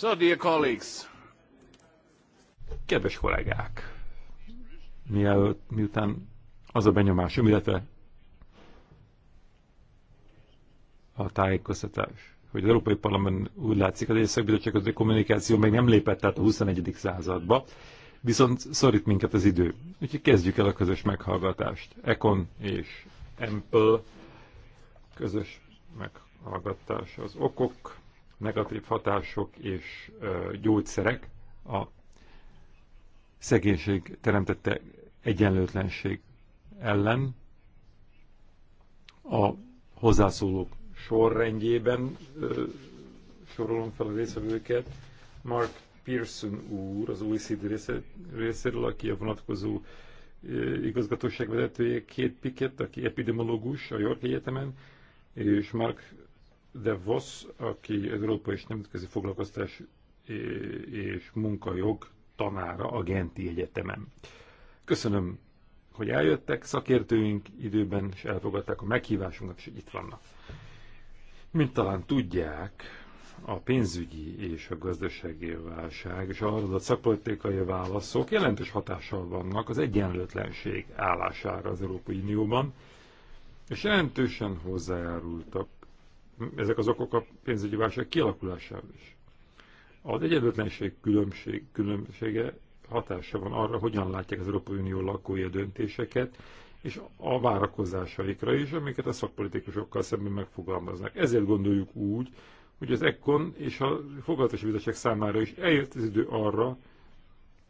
So, dear colleagues. Kedves kollégák, mielőtt, miután az a benyomásom, illetve a tájékoztatás, hogy az Európai Parlament úgy látszik, az Északbizottság közötti kommunikáció még nem lépett át a 21. századba, viszont szorít minket az idő. Úgyhogy kezdjük el a közös meghallgatást. Econ és Ample közös meghallgatás az okok negatív hatások és gyógyszerek a szegénység teremtette egyenlőtlenség ellen a hozzászólók sorrendjében sorolom fel a részvevőket. Mark Pearson úr, az OECD részéről, aki a vonatkozó igazgatóság vezetője, két piket, aki epidemiológus a York Egyetemen, és Mark de Vosz, aki az Európai és Nemzetközi Foglalkoztás és Munkajog tanára a Genti Egyetemen. Köszönöm, hogy eljöttek szakértőink időben, és elfogadták a meghívásunkat, és itt vannak. Mint talán tudják, a pénzügyi és a gazdasági válság és az adott szakpolitikai válaszok jelentős hatással vannak az egyenlőtlenség állására az Európai Unióban, és jelentősen hozzájárultak ezek az okok a pénzügyi válság kialakulásához is. Az egyenlőtlenség különbség, különbsége hatása van arra, hogyan látják az Európai Unió lakói a döntéseket, és a várakozásaikra is, amiket a szakpolitikusokkal szemben megfogalmaznak. Ezért gondoljuk úgy, hogy az ECON és a Foglalatosi Bizottság számára is eljött az idő arra,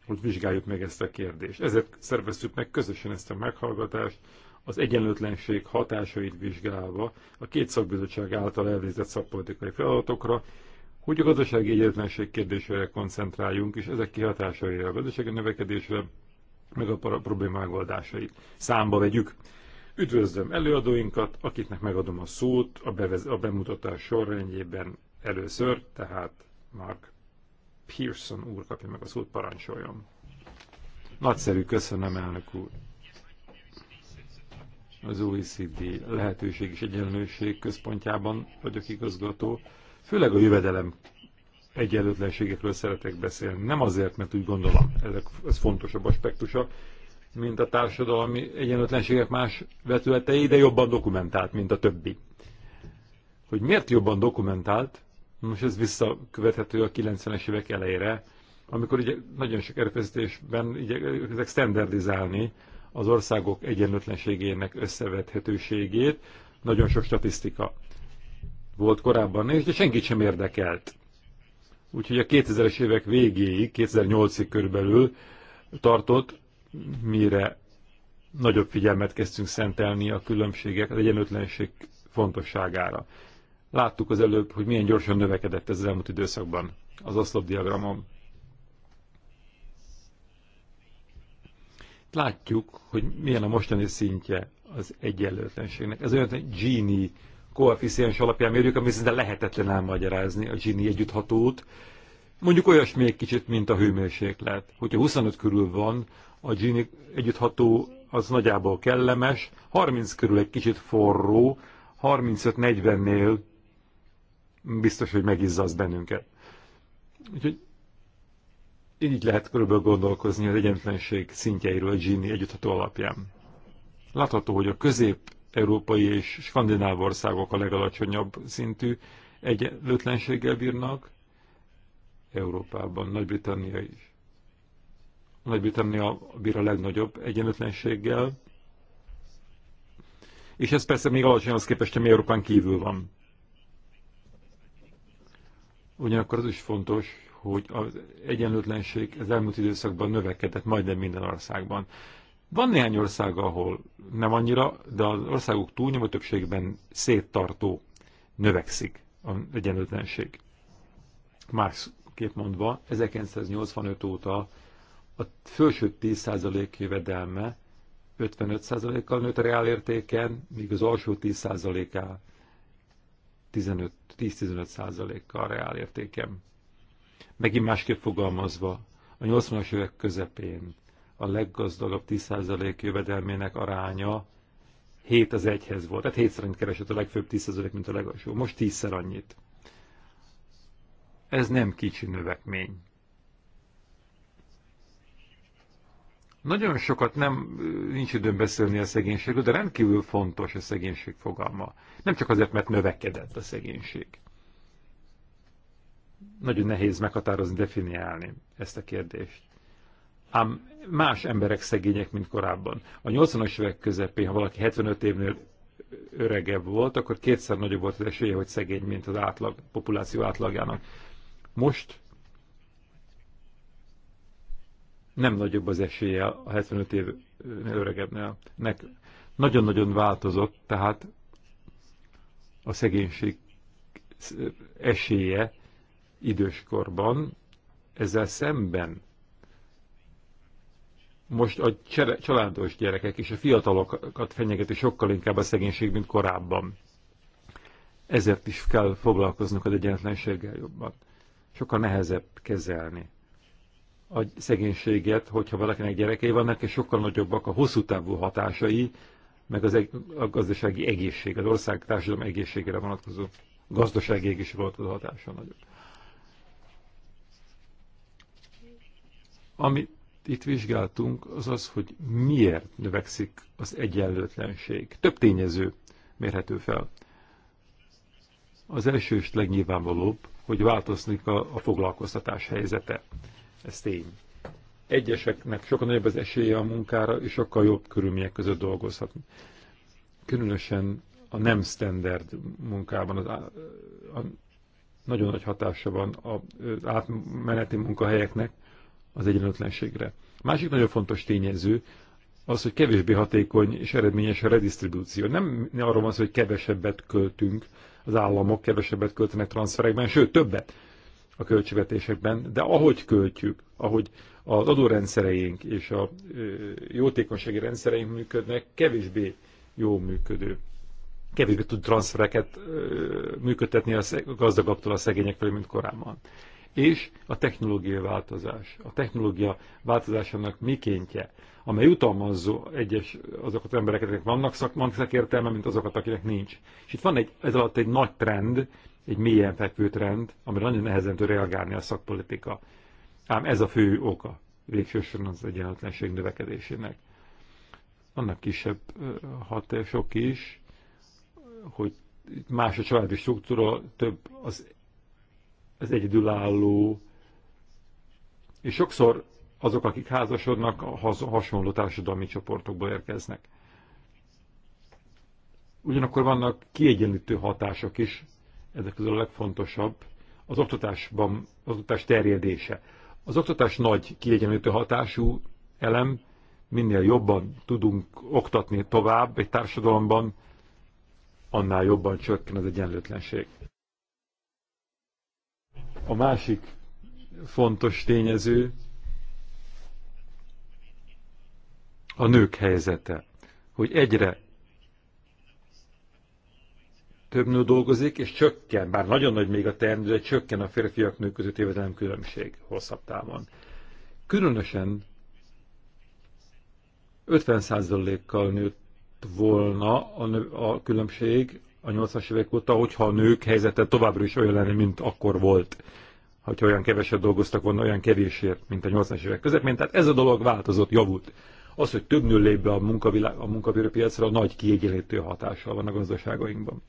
hogy vizsgáljuk meg ezt a kérdést. Ezért szerveztük meg közösen ezt a meghallgatást, az egyenlőtlenség hatásait vizsgálva a két szakbizottság által elvégzett szakpolitikai feladatokra, hogy a gazdasági egyenlőtlenség kérdésére koncentráljunk, és ezek kihatásaira a gazdasági növekedésre, meg a problémák oldásait számba vegyük. Üdvözlöm előadóinkat, akiknek megadom a szót a, bevez- a bemutatás sorrendjében először, tehát Mark Pearson úr kapja meg a szót, parancsoljon. Nagyszerű, köszönöm, elnök úr az OECD lehetőség és egyenlőség központjában vagyok igazgató. Főleg a jövedelem egyenlőtlenségekről szeretek beszélni. Nem azért, mert úgy gondolom, ezek, ez fontosabb aspektusa, mint a társadalmi egyenlőtlenségek más vetületei, de jobban dokumentált, mint a többi. Hogy miért jobban dokumentált, most ez visszakövethető a 90-es évek elejére, amikor ugye nagyon sok erőfeszítésben ezek standardizálni az országok egyenlőtlenségének összevethetőségét. Nagyon sok statisztika volt korábban és de senkit sem érdekelt. Úgyhogy a 2000-es évek végéig, 2008-ig körülbelül tartott, mire nagyobb figyelmet kezdtünk szentelni a különbségek, az egyenlőtlenség fontosságára. Láttuk az előbb, hogy milyen gyorsan növekedett ez az elmúlt időszakban az oszlopdiagramon. látjuk, hogy milyen a mostani szintje az egyenlőtlenségnek. Ez olyan, hogy Gini koeficiens alapján mérjük, ami szinte lehetetlen elmagyarázni a Gini együtthatót. Mondjuk olyasmi egy kicsit, mint a hőmérséklet. Hogyha 25 körül van, a Gini együttható az nagyjából kellemes, 30 körül egy kicsit forró, 35-40-nél biztos, hogy megizzaz bennünket. Úgyhogy így lehet körülbelül gondolkozni az egyentlenség szintjeiről a Gini együttható alapján. Látható, hogy a közép-európai és skandináv országok a legalacsonyabb szintű egyenlőtlenséggel bírnak, Európában, Nagy-Britannia is. Nagy-Britannia bír a legnagyobb egyenlőtlenséggel, és ez persze még alacsony az képest, ami Európán kívül van. Ugyanakkor az is fontos, hogy az egyenlőtlenség az elmúlt időszakban növekedett majdnem minden országban. Van néhány ország, ahol nem annyira, de az országok túlnyomó többségben széttartó növekszik az egyenlőtlenség. Másképp mondva, 1985 óta a felső 10% jövedelme 55%-kal nőtt a reálértéken, míg az alsó 10%-á 10-15%-kal reálértéken. Megint másképp fogalmazva, a 80-as évek közepén a leggazdagabb 10% jövedelmének aránya 7 az 1-hez volt. Tehát 7 szerint keresett a legfőbb 10% mint a legalsó. Most 10-szer annyit. Ez nem kicsi növekmény. Nagyon sokat nem, nincs időm beszélni a szegénységről, de rendkívül fontos a szegénység fogalma. Nem csak azért, mert növekedett a szegénység nagyon nehéz meghatározni, definiálni ezt a kérdést. Ám más emberek szegények, mint korábban. A 80-as évek közepén, ha valaki 75 évnél öregebb volt, akkor kétszer nagyobb volt az esélye, hogy szegény, mint az átlag, populáció átlagjának. Most nem nagyobb az esélye a 75 évnél öregebbnél. Nagyon-nagyon változott, tehát a szegénység esélye időskorban, ezzel szemben most a családos gyerekek és a fiatalokat fenyegeti sokkal inkább a szegénység, mint korábban. Ezért is kell foglalkoznunk az egyenletlenséggel jobban. Sokkal nehezebb kezelni a szegénységet, hogyha valakinek gyerekei vannak, és sokkal nagyobbak a hosszú távú hatásai, meg az, a gazdasági egészség, az ország társadalom egészségére vonatkozó, gazdasági egészségre vonatkozó hatása nagyobb. Amit itt vizsgáltunk, az az, hogy miért növekszik az egyenlőtlenség. Több tényező mérhető fel. Az első és legnyilvánvalóbb, hogy változnik a, a foglalkoztatás helyzete. Ez tény. Egyeseknek sokkal nagyobb az esélye a munkára, és sokkal jobb körülmények között dolgozhatni. Különösen a nem standard munkában az, a, a, nagyon nagy hatása van az átmeneti munkahelyeknek, az egyenlőtlenségre. Másik nagyon fontos tényező az, hogy kevésbé hatékony és eredményes a redistribúció. Nem arról van szó, hogy kevesebbet költünk, az államok kevesebbet költenek transferekben, sőt többet a költségvetésekben, de ahogy költjük, ahogy az adórendszereink és a jótékonysági rendszereink működnek, kevésbé jó működő. Kevésbé tud transzfereket működtetni a gazdagabbtól a szegények felé, mint korábban és a technológiai változás, a technológia változásának mikéntje, amely jutalmazó egyes azokat az embereket, akik vannak, szak, vannak szakértelme, mint azokat, akinek nincs. És itt van egy, ez alatt egy nagy trend, egy mélyen fekvő trend, amire nagyon nehezen tud reagálni a szakpolitika. Ám ez a fő oka végsősorban az egyenlőtlenség növekedésének. Annak kisebb hatások is, hogy más a családi struktúra, több az az egyedülálló, és sokszor azok, akik házasodnak, a hasonló társadalmi csoportokból érkeznek. Ugyanakkor vannak kiegyenlítő hatások is, ezek közül a legfontosabb, az oktatásban, az oktatás terjedése. Az oktatás nagy kiegyenlítő hatású elem, minél jobban tudunk oktatni tovább egy társadalomban, annál jobban csökken az egyenlőtlenség. A másik fontos tényező a nők helyzete, hogy egyre több nő dolgozik, és csökken, bár nagyon nagy még a termő, de csökken a férfiak nők között jövedelem különbség hosszabb távon. Különösen 50%-kal nőtt volna a, nő, a különbség a 80-as évek óta, hogyha a nők helyzete továbbra is olyan lenne, mint akkor volt. Hogyha olyan keveset dolgoztak volna, olyan kevésért, mint a 80-as évek közepén. Tehát ez a dolog változott, javult. Az, hogy több nő lép be a, munkavilá... a munkavérőpiacra, nagy kiegyenlítő hatással van a gazdaságainkban.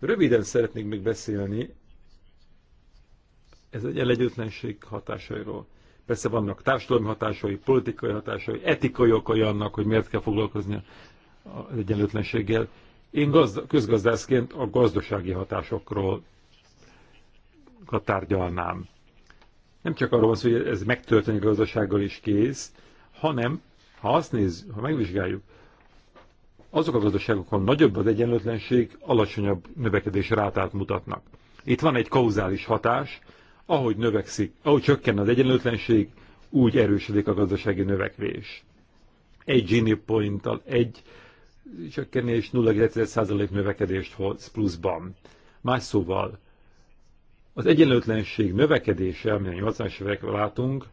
Röviden szeretnék még beszélni ez egy elegyőtlenség hatásairól. Persze vannak társadalmi hatásai, politikai hatásai, etikai okai annak, hogy miért kell foglalkozni az egyenlőtlenséggel. Én gazd, közgazdászként a gazdasági hatásokról tárgyalnám. Nem csak arról van szó, hogy ez megtörténik a gazdasággal is kész, hanem ha azt nézzük, ha megvizsgáljuk, azok a gazdaságok, ahol nagyobb az egyenlőtlenség, alacsonyabb növekedés rátát mutatnak. Itt van egy kauzális hatás, ahogy növekszik, ahogy csökken az egyenlőtlenség, úgy erősödik a gazdasági növekvés. Egy Gini pointtal, egy csökkenés 0,1% növekedést hoz pluszban. Más szóval, az egyenlőtlenség növekedése, amilyen 80-as évekre látunk,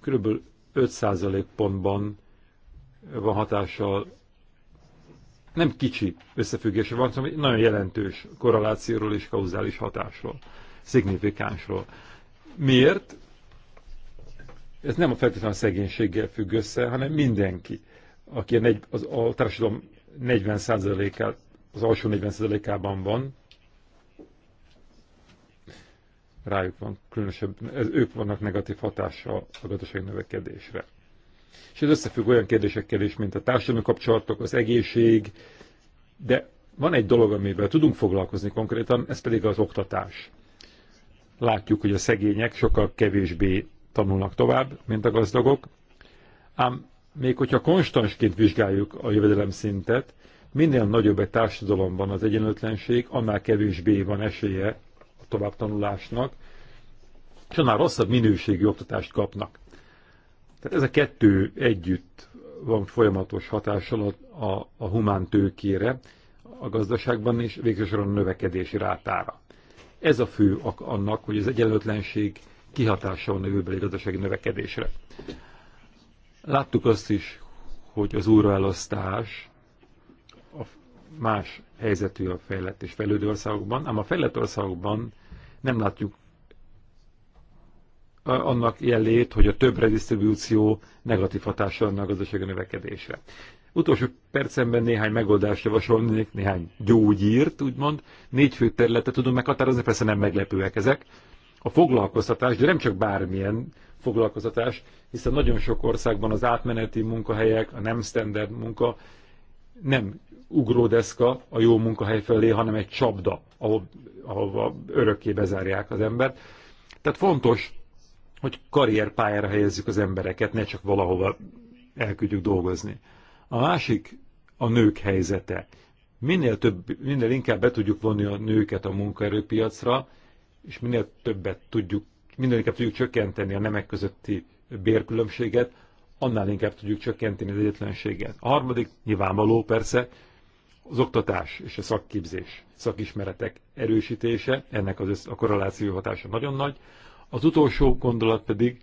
kb. 5% pontban van hatással, nem kicsi összefüggése van, hanem egy nagyon jelentős korrelációról és kauzális hatásról, szignifikánsról. Miért? Ez nem a feltétlenül a szegénységgel függ össze, hanem mindenki, aki az a társadalom 40 az alsó 40%-ában van. Rájuk van különösebb, ez, ők vannak negatív hatása a gazdasági növekedésre. És ez összefügg olyan kérdésekkel is, mint a társadalmi kapcsolatok, az egészség, de van egy dolog, amivel tudunk foglalkozni konkrétan, ez pedig az oktatás. Látjuk, hogy a szegények sokkal kevésbé tanulnak tovább, mint a gazdagok, ám még hogyha konstansként vizsgáljuk a jövedelem szintet, minél nagyobb egy társadalomban az egyenlőtlenség, annál kevésbé van esélye a továbbtanulásnak, és annál rosszabb minőségi oktatást kapnak. Tehát ez a kettő együtt van folyamatos hatással a, a, a humán tőkére, a gazdaságban is végsősorban a növekedési rátára. Ez a fő annak, hogy az egyenlőtlenség kihatása van a jövőbeli gazdasági növekedésre. Láttuk azt is, hogy az újraelosztás a más helyzetű a fejlett és fejlődő országokban, ám a fejlett országokban nem látjuk annak jelét, hogy a több redistribúció negatív hatása lenne a gazdasági növekedésre. Utolsó percemben néhány megoldást javasolnék, néhány gyógyírt, úgymond. Négy fő területet tudunk meghatározni, persze nem meglepőek ezek. A foglalkoztatás, de nem csak bármilyen foglalkoztatás, hiszen nagyon sok országban az átmeneti munkahelyek, a nem standard munka nem ugródeszka a jó munkahely felé, hanem egy csapda, ahol, ahova örökké bezárják az embert. Tehát fontos, hogy karrierpályára helyezzük az embereket, ne csak valahova elküldjük dolgozni. A másik a nők helyzete. Minél, több, minél inkább be tudjuk vonni a nőket a munkaerőpiacra, és minél többet tudjuk minél inkább tudjuk csökkenteni a nemek közötti bérkülönbséget, annál inkább tudjuk csökkenteni az egyetlenséget. A harmadik nyilvánvaló persze az oktatás és a szakképzés, szakismeretek erősítése, ennek az a korreláció hatása nagyon nagy. Az utolsó gondolat pedig,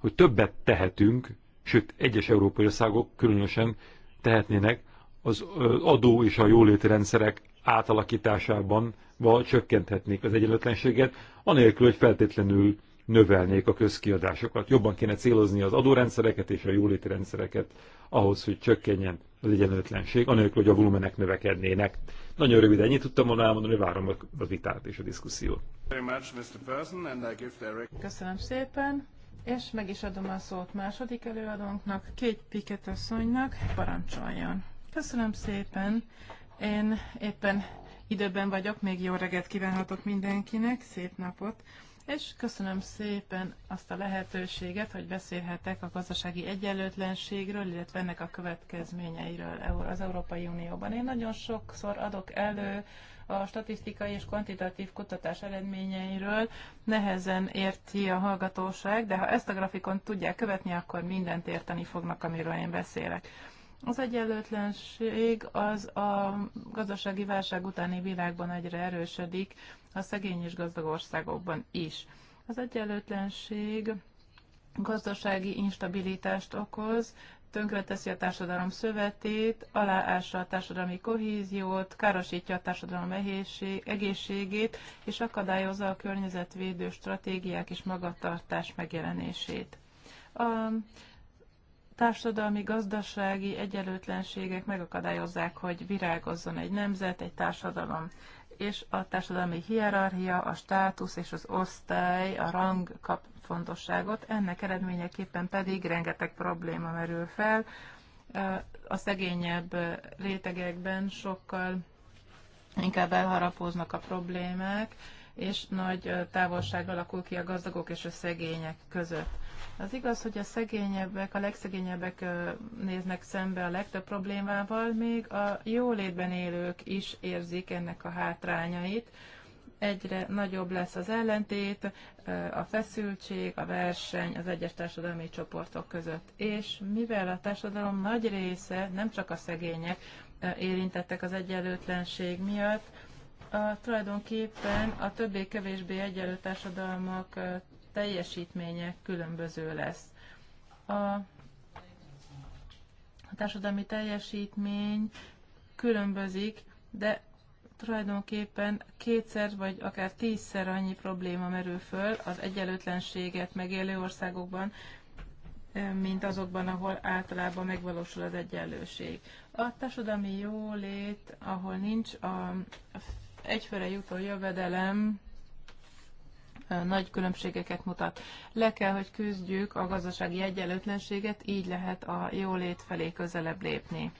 hogy többet tehetünk, sőt egyes európai országok különösen tehetnének az adó és a jóléti rendszerek átalakításában, vagy csökkenthetnék az egyenlőtlenséget, anélkül, hogy feltétlenül növelnék a közkiadásokat. Jobban kéne célozni az adórendszereket és a jóléti rendszereket ahhoz, hogy csökkenjen az egyenlőtlenség, anélkül, hogy a volumenek növekednének. Nagyon röviden ennyit tudtam volna elmondani, várom a vitát és a diszkusziót. Köszönöm szépen, és meg is adom a szót második előadónknak, két Piket asszonynak, parancsoljon. Köszönöm szépen, én éppen időben vagyok, még jó reggelt kívánhatok mindenkinek, szép napot és köszönöm szépen azt a lehetőséget, hogy beszélhetek a gazdasági egyenlőtlenségről, illetve ennek a következményeiről az Európai Unióban. Én nagyon sokszor adok elő a statisztikai és kvantitatív kutatás eredményeiről, nehezen érti a hallgatóság, de ha ezt a grafikon tudják követni, akkor mindent érteni fognak, amiről én beszélek. Az egyenlőtlenség az a gazdasági válság utáni világban egyre erősödik, a szegény és gazdag országokban is. Az egyenlőtlenség gazdasági instabilitást okoz, tönkreteszi a társadalom szövetét, aláássa a társadalmi kohéziót, károsítja a társadalom egészségét, és akadályozza a környezetvédő stratégiák és magatartás megjelenését. A társadalmi, gazdasági egyenlőtlenségek megakadályozzák, hogy virágozzon egy nemzet, egy társadalom. És a társadalmi hierarchia, a státusz és az osztály, a rang kap fontosságot, ennek eredményeképpen pedig rengeteg probléma merül fel. A szegényebb rétegekben sokkal inkább elharapóznak a problémák, és nagy távolság alakul ki a gazdagok és a szegények között. Az igaz, hogy a szegényebbek, a legszegényebbek néznek szembe a legtöbb problémával, még a jólétben élők is érzik ennek a hátrányait. Egyre nagyobb lesz az ellentét, a feszültség, a verseny az egyes társadalmi csoportok között. És mivel a társadalom nagy része, nem csak a szegények érintettek az egyenlőtlenség miatt, a, tulajdonképpen a többé-kevésbé egyenlő társadalmak teljesítménye különböző lesz. A, a társadalmi teljesítmény különbözik, de tulajdonképpen kétszer vagy akár tízszer annyi probléma merül föl az egyenlőtlenséget megélő országokban, mint azokban, ahol általában megvalósul az egyenlőség. A társadalmi jólét, ahol nincs a egyfőre jutó jövedelem nagy különbségeket mutat. Le kell, hogy küzdjük a gazdasági egyenlőtlenséget, így lehet a jólét felé közelebb lépni.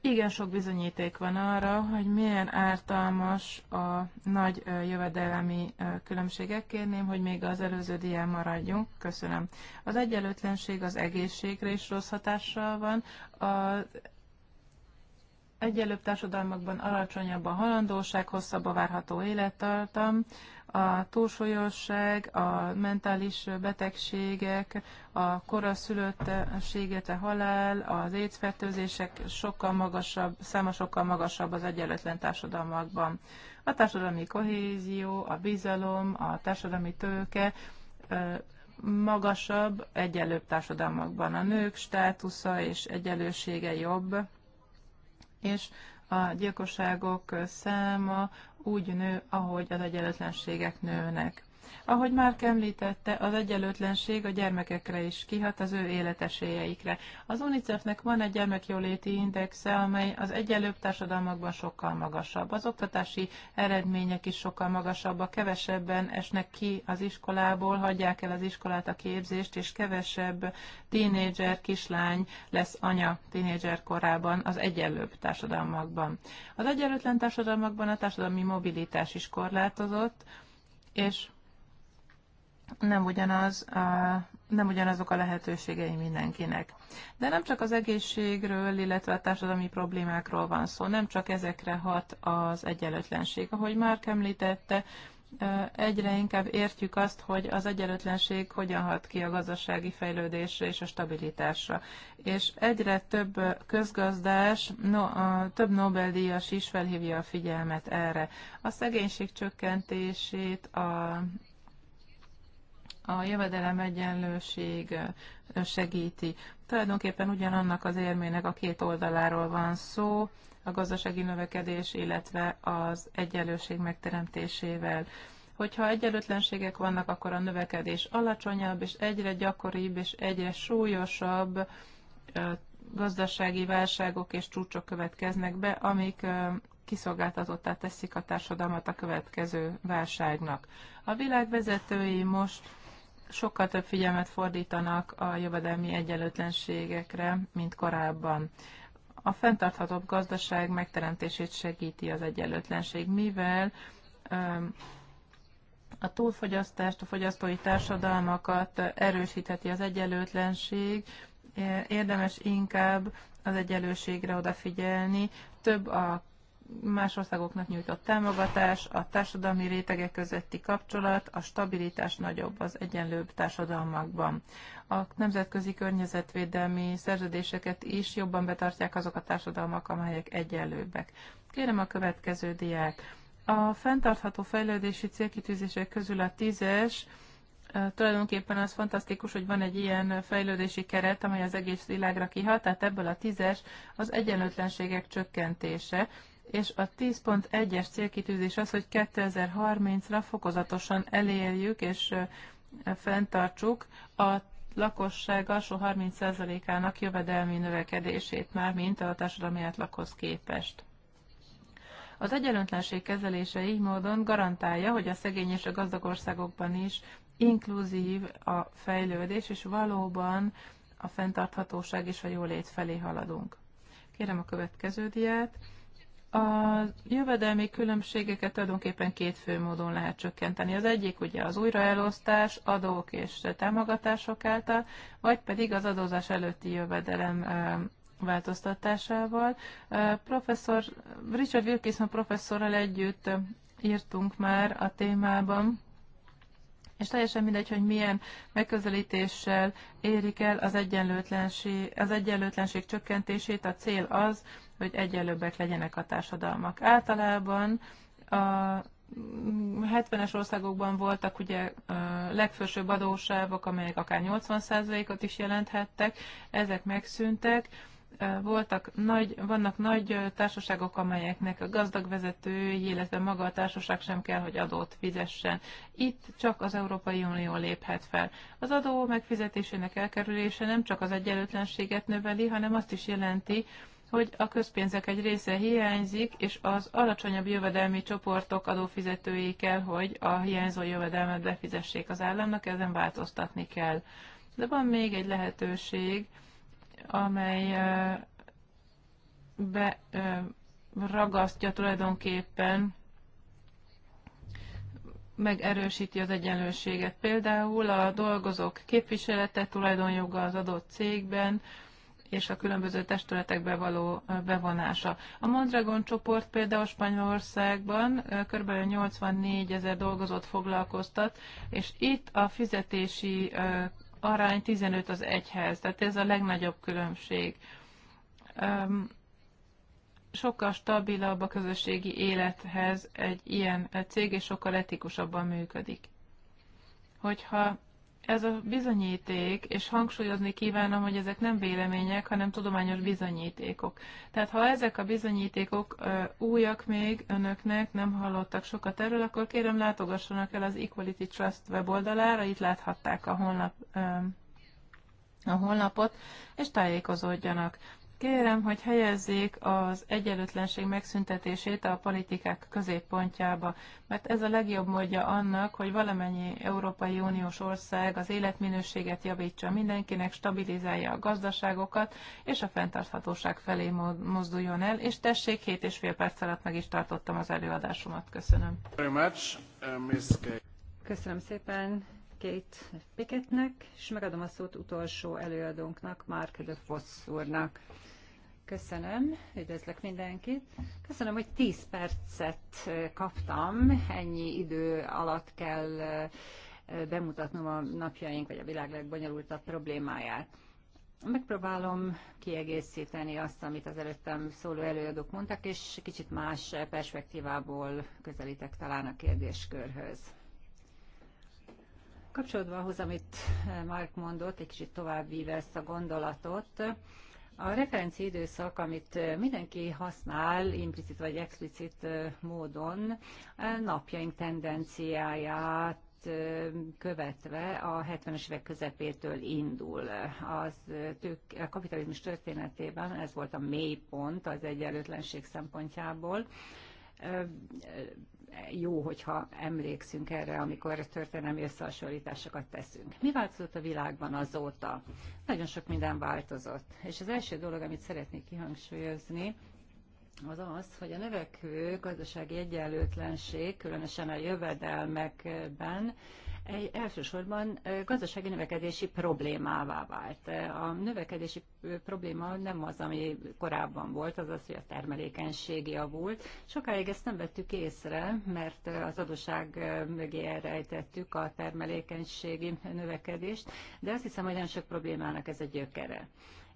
Igen sok bizonyíték van arra, hogy milyen ártalmas a nagy jövedelmi különbségek. Kérném, hogy még az előző dián maradjunk. Köszönöm. Az egyenlőtlenség az egészségre is rossz hatással van. Az egyenlőbb társadalmakban alacsonyabb a halandóság, hosszabb a várható élettartam, a túlsúlyosság, a mentális betegségek, a koraszülöttséget, a halál, az étfertőzések sokkal magasabb, száma sokkal magasabb az egyenlőtlen társadalmakban. A társadalmi kohézió, a bizalom, a társadalmi tőke magasabb, egyenlőbb társadalmakban. A nők státusza és egyenlősége jobb, és a gyilkosságok száma úgy nő, ahogy az egyenlőtlenségek nőnek. Ahogy már említette, az egyenlőtlenség a gyermekekre is kihat, az ő életesélyeikre. Az UNICEF-nek van egy gyermekjóléti indexe, amely az egyenlőbb társadalmakban sokkal magasabb. Az oktatási eredmények is sokkal magasabbak, kevesebben esnek ki az iskolából, hagyják el az iskolát a képzést, és kevesebb tínédzser, kislány lesz anya tínédzser korában az egyenlőbb társadalmakban. Az egyenlőtlen társadalmakban a társadalmi mobilitás is korlátozott, és nem ugyanaz a, nem ugyanazok a lehetőségei mindenkinek. De nem csak az egészségről, illetve a társadalmi problémákról van szó, nem csak ezekre hat az egyenlőtlenség. Ahogy már említette, egyre inkább értjük azt, hogy az egyenlőtlenség hogyan hat ki a gazdasági fejlődésre és a stabilitásra. És egyre több közgazdás, no, a, több Nobel-díjas is felhívja a figyelmet erre. A szegénység csökkentését, a a jövedelem egyenlőség segíti. Tulajdonképpen ugyanannak az érmének a két oldaláról van szó, a gazdasági növekedés, illetve az egyenlőség megteremtésével. Hogyha egyenlőtlenségek vannak, akkor a növekedés alacsonyabb, és egyre gyakoribb, és egyre súlyosabb gazdasági válságok és csúcsok következnek be, amik kiszolgáltatottá teszik a társadalmat a következő válságnak. A világ vezetői most sokkal több figyelmet fordítanak a jövedelmi egyenlőtlenségekre, mint korábban. A fenntarthatóbb gazdaság megteremtését segíti az egyenlőtlenség, mivel a túlfogyasztást, a fogyasztói társadalmakat erősítheti az egyenlőtlenség, érdemes inkább az egyenlőségre odafigyelni, több a más országoknak nyújtott támogatás, a társadalmi rétegek közötti kapcsolat, a stabilitás nagyobb az egyenlőbb társadalmakban. A nemzetközi környezetvédelmi szerződéseket is jobban betartják azok a társadalmak, amelyek egyenlőbbek. Kérem a következő diák. A fenntartható fejlődési célkitűzések közül a tízes, tulajdonképpen az fantasztikus, hogy van egy ilyen fejlődési keret, amely az egész világra kihat, tehát ebből a tízes az egyenlőtlenségek csökkentése, és a 10.1-es célkitűzés az, hogy 2030-ra fokozatosan elérjük és fenntartsuk a lakosság alsó 30%-ának jövedelmi növekedését már, mint a társadalmi átlaghoz képest. Az egyenlőtlenség kezelése így módon garantálja, hogy a szegény és a gazdag országokban is inkluzív a fejlődés, és valóban a fenntarthatóság és a jólét felé haladunk. Kérem a következő diát. A jövedelmi különbségeket tulajdonképpen két fő módon lehet csökkenteni. Az egyik ugye az újraelosztás, adók és támogatások által, vagy pedig az adózás előtti jövedelem változtatásával. Professor Richard Wilkinson professzorral együtt írtunk már a témában, és teljesen mindegy, hogy milyen megközelítéssel érik el az egyenlőtlenség, az egyenlőtlenség csökkentését, a cél az, hogy egyenlőbbek legyenek a társadalmak. Általában a 70-es országokban voltak ugye legfősőbb adósávok, amelyek akár 80%-ot is jelenthettek, ezek megszűntek, voltak nagy, vannak nagy társaságok, amelyeknek a gazdag vezetői, illetve maga a társaság sem kell, hogy adót fizessen. Itt csak az Európai Unió léphet fel. Az adó megfizetésének elkerülése nem csak az egyenlőtlenséget növeli, hanem azt is jelenti, hogy a közpénzek egy része hiányzik, és az alacsonyabb jövedelmi csoportok adófizetői kell, hogy a hiányzó jövedelmet befizessék az államnak, ezen változtatni kell. De van még egy lehetőség, amely be, ragasztja tulajdonképpen, megerősíti az egyenlőséget. Például a dolgozók képviselete, tulajdonjoga az adott cégben, és a különböző testületekbe való bevonása. A Mondragon csoport például Spanyolországban kb. 84 ezer dolgozót foglalkoztat, és itt a fizetési arány 15 az egyhez, tehát ez a legnagyobb különbség. Sokkal stabilabb a közösségi élethez egy ilyen cég, és sokkal etikusabban működik. Hogyha ez a bizonyíték, és hangsúlyozni kívánom, hogy ezek nem vélemények, hanem tudományos bizonyítékok. Tehát ha ezek a bizonyítékok ö, újak még önöknek, nem hallottak sokat erről, akkor kérem látogassanak el az Equality Trust weboldalára, itt láthatták a honlap ö, a honlapot, és tájékozódjanak. Kérem, hogy helyezzék az egyenlőtlenség megszüntetését a politikák középpontjába, mert ez a legjobb módja annak, hogy valamennyi Európai Uniós ország az életminőséget javítsa mindenkinek, stabilizálja a gazdaságokat, és a fenntarthatóság felé mozduljon el, és tessék, fél perc alatt meg is tartottam az előadásomat. Köszönöm. Uh, Köszönöm szépen két piketnek és megadom a szót utolsó előadónknak, Mark de Foss úrnak. Köszönöm, üdvözlök mindenkit. Köszönöm, hogy 10 percet kaptam, ennyi idő alatt kell bemutatnom a napjaink, vagy a világ legbonyolultabb problémáját. Megpróbálom kiegészíteni azt, amit az előttem szóló előadók mondtak, és kicsit más perspektívából közelítek talán a kérdéskörhöz. Kapcsolódva ahhoz, amit Mark mondott, egy kicsit tovább vívesz a gondolatot, a referenci időszak, amit mindenki használ, implicit vagy explicit módon, napjaink tendenciáját követve a 70-es évek közepétől indul. Az tök, a kapitalizmus történetében ez volt a mély pont az egyenlőtlenség szempontjából jó, hogyha emlékszünk erre, amikor történelmi összehasonlításokat teszünk. Mi változott a világban azóta? Nagyon sok minden változott. És az első dolog, amit szeretnék kihangsúlyozni, az az, hogy a növekvő gazdasági egyenlőtlenség, különösen a jövedelmekben, egy elsősorban gazdasági növekedési problémává vált. A növekedési probléma nem az, ami korábban volt, az az, hogy a termelékenység javult. Sokáig ezt nem vettük észre, mert az adóság mögé elrejtettük a termelékenységi növekedést, de azt hiszem, hogy nem sok problémának ez a gyökere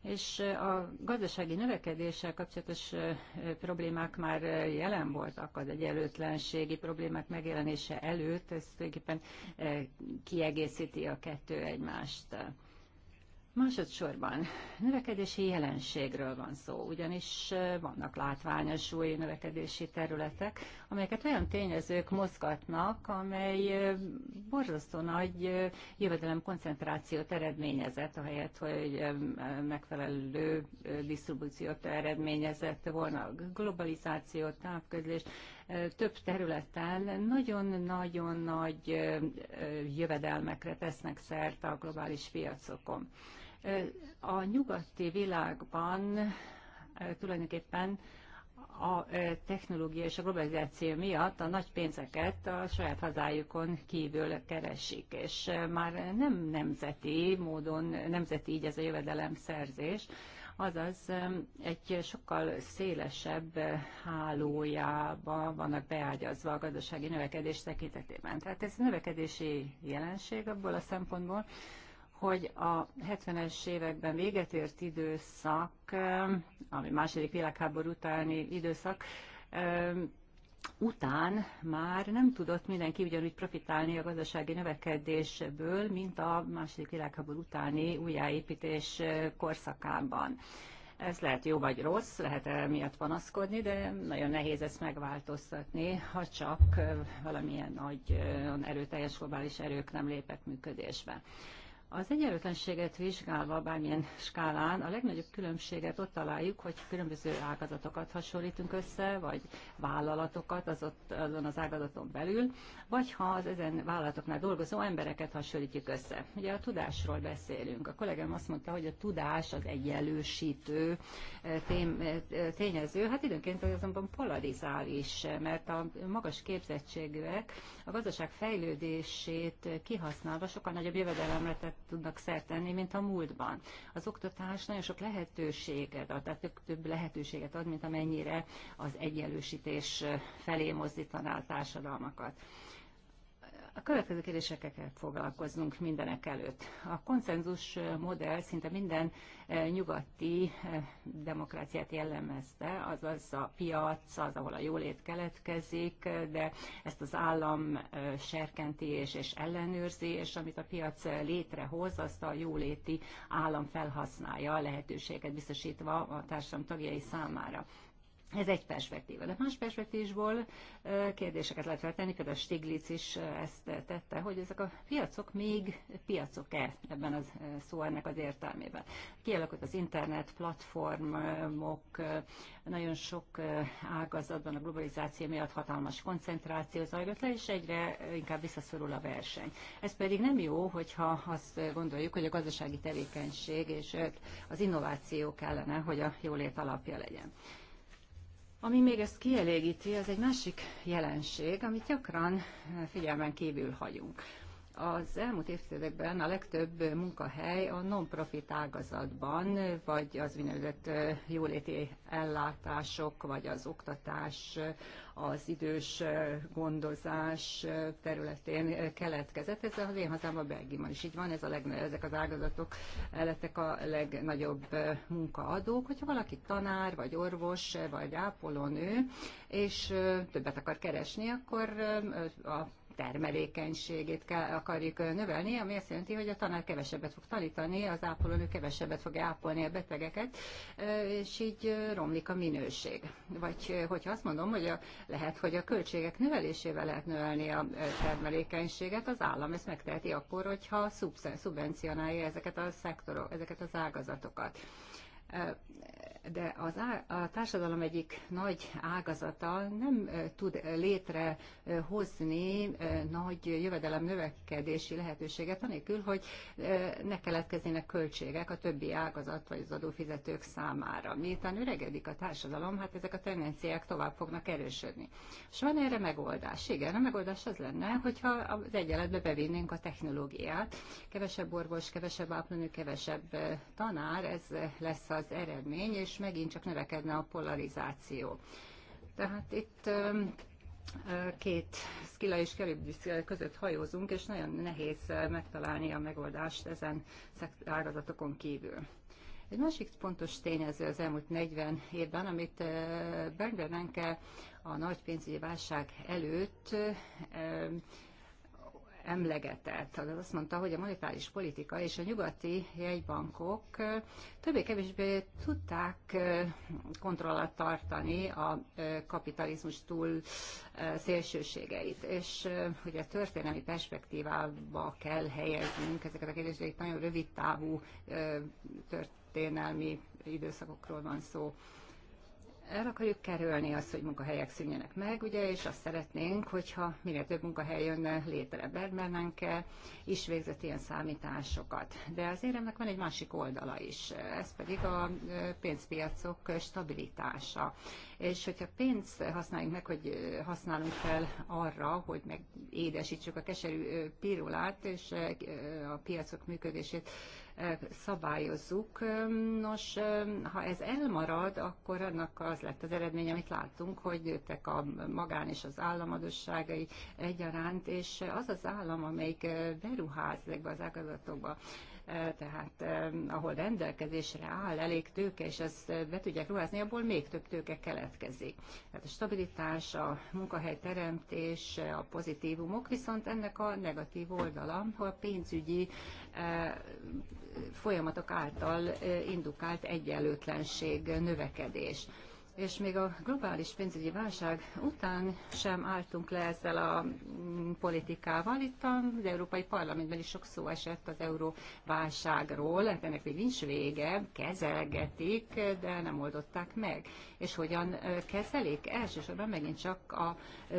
és a gazdasági növekedéssel kapcsolatos problémák már jelen voltak az egyenlőtlenségi problémák megjelenése előtt, ez tulajdonképpen kiegészíti a kettő egymást. Másodszorban növekedési jelenségről van szó, ugyanis vannak látványos új növekedési területek, amelyeket olyan tényezők mozgatnak, amely borzasztó nagy jövedelem koncentrációt eredményezett, ahelyett, hogy megfelelő disztribúciót eredményezett volna, globalizáció, távközlés, több területen nagyon-nagyon nagy jövedelmekre tesznek szert a globális piacokon. A nyugati világban tulajdonképpen a technológia és a globalizáció miatt a nagy pénzeket a saját hazájukon kívül keresik, és már nem nemzeti módon, nemzeti így ez a jövedelemszerzés, azaz egy sokkal szélesebb hálójában vannak beágyazva a gazdasági növekedés tekintetében. Tehát ez a növekedési jelenség abból a szempontból, hogy a 70-es években véget ért időszak, um, ami második világháború utáni időszak, um, után már nem tudott mindenki ugyanúgy profitálni a gazdasági növekedésből, mint a második világháború utáni újjáépítés uh, korszakában. Ez lehet jó vagy rossz, lehet -e miatt panaszkodni, de nagyon nehéz ezt megváltoztatni, ha csak uh, valamilyen nagy, uh, erőteljes globális erők nem lépek működésbe. Az egyenlőtlenséget vizsgálva bármilyen skálán a legnagyobb különbséget ott találjuk, hogy különböző ágazatokat hasonlítunk össze, vagy vállalatokat az ott, azon az ágazaton belül, vagy ha az ezen vállalatoknál dolgozó embereket hasonlítjuk össze. Ugye a tudásról beszélünk. A kollégám azt mondta, hogy a tudás az egyenlősítő eh, eh, tényező. Hát időnként azonban polarizál is, mert a magas képzettségűek a gazdaság fejlődését kihasználva sokkal nagyobb jövedelemre tett tudnak szert tenni, mint a múltban. Az oktatás nagyon sok lehetőséget ad, tehát több, több lehetőséget ad, mint amennyire az egyenlősítés felé mozdítaná a társadalmakat. A következő kérdésekkel kell foglalkoznunk mindenek előtt. A konszenzus modell szinte minden eh, nyugati eh, demokráciát jellemezte, azaz a piac, az, ahol a jólét keletkezik, eh, de ezt az állam serkenti és, és ellenőrzi, és amit a piac létrehoz, azt a jóléti állam felhasználja, a lehetőséget biztosítva a társadalom tagjai számára. Ez egy perspektíva, de más perspektívból kérdéseket lehet feltenni, például a Stiglitz is ezt tette, hogy ezek a piacok még piacok-e ebben az szó ennek az értelmében. Kialakult az internet, platformok, nagyon sok ágazatban a globalizáció miatt hatalmas koncentráció zajlott le, és egyre inkább visszaszorul a verseny. Ez pedig nem jó, hogyha azt gondoljuk, hogy a gazdasági tevékenység és az innováció kellene, hogy a jólét alapja legyen. Ami még ezt kielégíti, az egy másik jelenség, amit gyakran figyelmen kívül hagyunk. Az elmúlt évtizedekben a legtöbb munkahely a non-profit ágazatban, vagy az úgynevezett jóléti ellátások, vagy az oktatás, az idős gondozás területén keletkezett. Ez az én hazámban, Belgiumban is így van, ez a legne, ezek az ágazatok lettek a legnagyobb munkaadók. Hogyha valaki tanár, vagy orvos, vagy ápolónő, és többet akar keresni, akkor a termelékenységét kell, akarjuk növelni, ami azt jelenti, hogy a tanár kevesebbet fog tanítani, az ápolónő kevesebbet fog ápolni a betegeket, és így romlik a minőség. Vagy hogyha azt mondom, hogy a, lehet, hogy a költségek növelésével lehet növelni a termelékenységet, az állam ezt megteheti akkor, hogyha szubvencionálja ezeket a szektorok, ezeket az ágazatokat de az á, a társadalom egyik nagy ágazata nem tud létrehozni nagy jövedelem növekedési lehetőséget, anélkül, hogy ne keletkeznének költségek a többi ágazat vagy az adófizetők számára. Miután öregedik a társadalom, hát ezek a tendenciák tovább fognak erősödni. És van erre megoldás. Igen, a megoldás az lenne, hogyha az egyenletbe bevinnénk a technológiát. Kevesebb orvos, kevesebb ápolónő, kevesebb tanár, ez lesz az az eredmény, és megint csak növekedne a polarizáció. Tehát itt két Szkila és Keribdis között hajózunk, és nagyon nehéz megtalálni a megoldást ezen ágazatokon kívül. Egy másik fontos tényező az elmúlt 40 évben, amit Bernd a nagy pénzügyi válság előtt emlegetett, azt mondta, hogy a monetáris politika és a nyugati jegybankok többé-kevésbé tudták kontrollat tartani a kapitalizmus túl szélsőségeit, és hogy a történelmi perspektívába kell helyeznünk ezeket a kérdéseket, nagyon rövid távú történelmi időszakokról van szó el akarjuk kerülni azt, hogy munkahelyek szűnjenek meg, ugye, és azt szeretnénk, hogyha minél több munkahely jönne létre. Bermenenk is végzett ilyen számításokat. De az éremnek van egy másik oldala is, ez pedig a pénzpiacok stabilitása. És hogyha pénzt használjuk meg, hogy használunk fel arra, hogy meg édesítsük a keserű pirulát és a piacok működését szabályozzuk. Nos, ha ez elmarad, akkor annak az lett az eredmény, amit láttunk, hogy nőttek a magán és az államadosságai egyaránt, és az az állam, amelyik beruház ezekbe az ágazatokba, tehát ahol rendelkezésre áll elég tőke, és ezt be tudják ruházni, abból még több tőke keletkezik. Tehát a stabilitás, a munkahely teremtés, a pozitívumok, viszont ennek a negatív oldala, ahol a pénzügyi folyamatok által indukált egyenlőtlenség növekedés és még a globális pénzügyi válság után sem álltunk le ezzel a mm, politikával. Itt az Európai Parlamentben is sok szó esett az euróválságról, hát ennek még nincs vége, kezelgetik, de nem oldották meg. És hogyan kezelik? Elsősorban megint csak a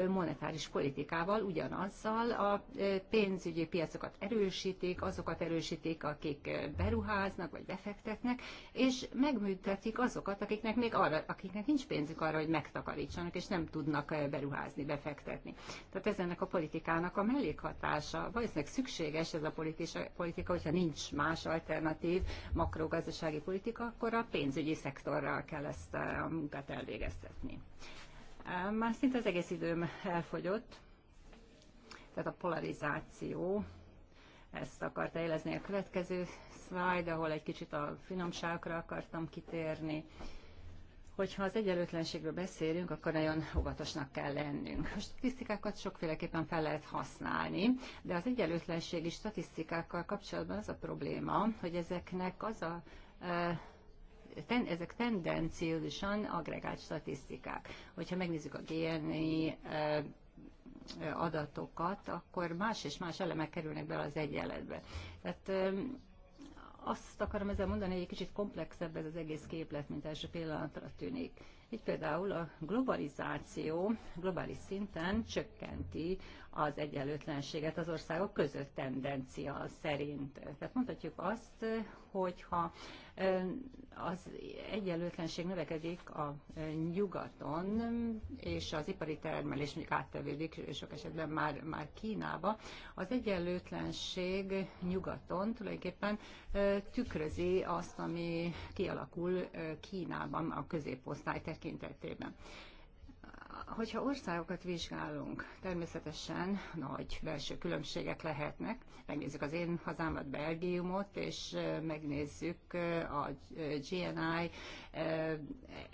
monetáris politikával, ugyanazzal a pénzügyi piacokat erősítik, azokat erősítik, akik beruháznak vagy befektetnek, és megműtetik azokat, akiknek még arra, akiknek embereknek nincs pénzük arra, hogy megtakarítsanak, és nem tudnak eh, beruházni, befektetni. Tehát ez ennek a politikának a mellékhatása. Valószínűleg szükséges ez a politika, hogyha nincs más alternatív makrogazdasági politika, akkor a pénzügyi szektorral kell ezt eh, a munkát elvégeztetni. Eh, már szinte az egész időm elfogyott, tehát a polarizáció, ezt akarta élezni a következő szlájd, ahol egy kicsit a finomságra akartam kitérni hogyha az egyenlőtlenségről beszélünk, akkor nagyon óvatosnak kell lennünk. A statisztikákat sokféleképpen fel lehet használni, de az egyenlőtlenségi statisztikákkal kapcsolatban az a probléma, hogy ezeknek az a e, ten, ezek tendenciózusan agregált statisztikák. Hogyha megnézzük a GNI e, adatokat, akkor más és más elemek kerülnek bele az egyenletbe. Tehát e, azt akarom ezzel mondani, hogy egy kicsit komplexebb ez az egész képlet, mint első pillanatra tűnik. Így például a globalizáció globális szinten csökkenti az egyenlőtlenséget az országok között tendencia szerint. Tehát mondhatjuk azt, hogyha az egyenlőtlenség növekedik a nyugaton, és az ipari termelés mondjuk áttevődik sok esetben már, már Kínába, az egyenlőtlenség nyugaton tulajdonképpen tükrözi azt, ami kialakul Kínában a középosztály tekintetében. Hogyha országokat vizsgálunk, természetesen nagy belső különbségek lehetnek. Megnézzük az én hazámat, Belgiumot, és megnézzük a GNI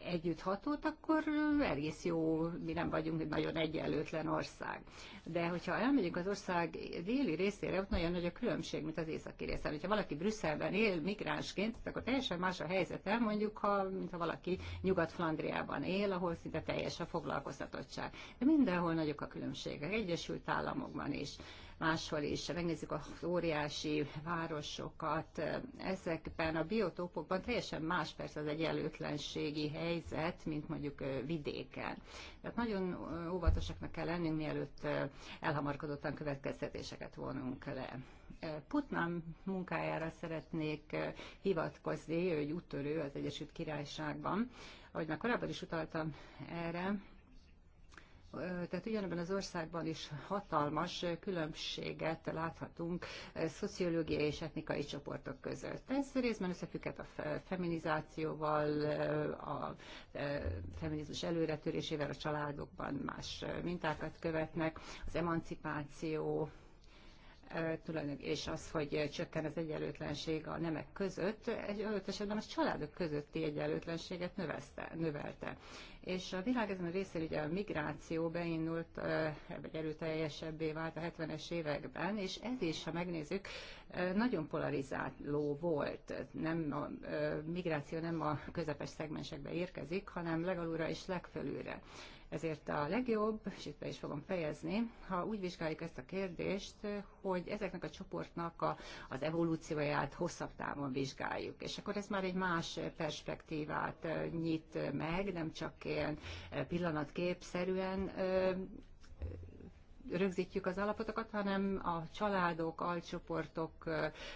együtt hatót, akkor egész jó, mi nem vagyunk egy nagyon egyenlőtlen ország. De hogyha elmegyünk az ország déli részére, ott nagyon nagy a különbség, mint az északi részen. Hogyha valaki Brüsszelben él migránsként, akkor teljesen más a helyzete, mondjuk, ha, mint ha valaki Nyugat-Flandriában él, ahol szinte teljes a foglalkoztatottság. De mindenhol nagyok a különbségek, Egyesült Államokban is máshol is. Megnézzük az óriási városokat. Ezekben a biotópokban teljesen más persze az egyenlőtlenségi helyzet, mint mondjuk vidéken. Tehát nagyon óvatosaknak kell lennünk, mielőtt elhamarkodottan következtetéseket vonunk le. Putnam munkájára szeretnék hivatkozni, ő egy úttörő az Egyesült Királyságban. Ahogy már korábban is utaltam erre, tehát ugyanebben az országban is hatalmas különbséget láthatunk eh, szociológiai és etnikai csoportok között. Ez részben összefügghet a feminizációval, eh, a eh, feminizmus előretörésével a családokban más mintákat követnek, az emancipáció tulajdonképpen, és az, hogy csökken az egyenlőtlenség a nemek között, egy adott esetben a családok közötti egyenlőtlenséget növelte. növelte. És a világ ezen a részén ugye a migráció beindult, vagy erőteljesebbé vált a 70-es években, és ez is, ha megnézzük, nagyon polarizáló volt. Nem a, a migráció nem a közepes szegmensekbe érkezik, hanem legalulra és legfelülre. Ezért a legjobb, és itt be is fogom fejezni, ha úgy vizsgáljuk ezt a kérdést, hogy ezeknek a csoportnak a, az evolúcióját hosszabb távon vizsgáljuk. És akkor ez már egy más perspektívát nyit meg, nem csak ilyen pillanatképszerűen rögzítjük az alapotokat, hanem a családok, alcsoportok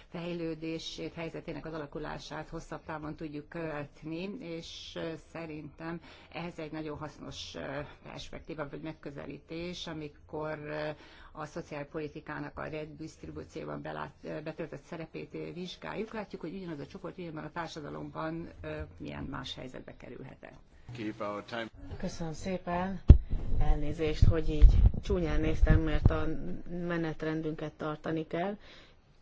fejlődését, helyzetének az alakulását hosszabb távon tudjuk követni, és szerintem ez egy nagyon hasznos perspektíva vagy megközelítés, amikor a szociálpolitikának a redistribúcióban betöltött szerepét vizsgáljuk, látjuk, hogy ugyanaz a csoport ugyanaz a társadalomban milyen más helyzetbe kerülhetett. Köszönöm szépen. Elnézést, hogy így csúnyán néztem, mert a menetrendünket tartani kell.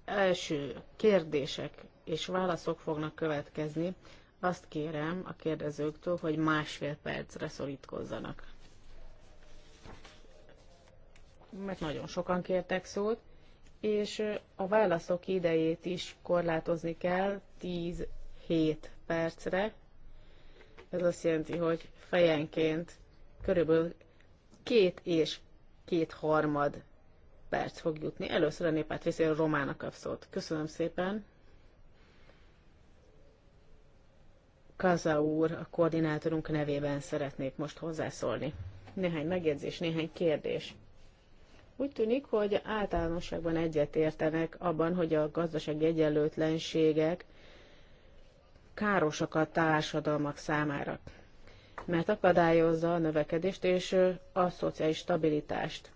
Első kérdések és válaszok fognak következni. Azt kérem a kérdezőktől, hogy másfél percre szorítkozzanak. Mert nagyon sokan kértek szót, és a válaszok idejét is korlátozni kell 10-7 percre, ez azt jelenti, hogy fejenként körülbelül két és két harmad perc fog jutni. Először a népát a Romának kap szót. Köszönöm szépen. Kaza úr, a koordinátorunk nevében szeretnék most hozzászólni. Néhány megjegyzés, néhány kérdés. Úgy tűnik, hogy általánosságban egyetértenek abban, hogy a gazdasági egyenlőtlenségek károsak a társadalmak számára, mert akadályozza a növekedést és a szociális stabilitást.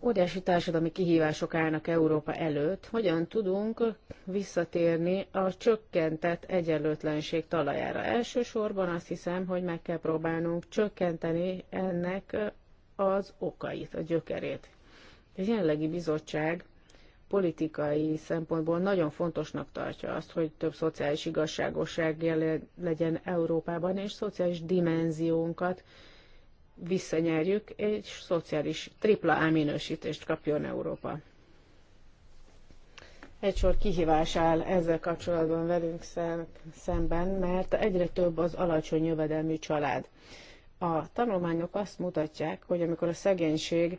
Óriási társadalmi kihívások állnak Európa előtt, hogyan tudunk visszatérni a csökkentett egyenlőtlenség talajára. Elsősorban azt hiszem, hogy meg kell próbálnunk csökkenteni ennek az okait, a gyökerét. A jelenlegi bizottság politikai szempontból nagyon fontosnak tartja azt, hogy több szociális igazságosság legyen Európában, és szociális dimenziónkat visszanyerjük, és szociális tripla A minősítést kapjon Európa. Egy sor kihívás áll ezzel kapcsolatban velünk szemben, mert egyre több az alacsony jövedelmű család. A tanulmányok azt mutatják, hogy amikor a szegénység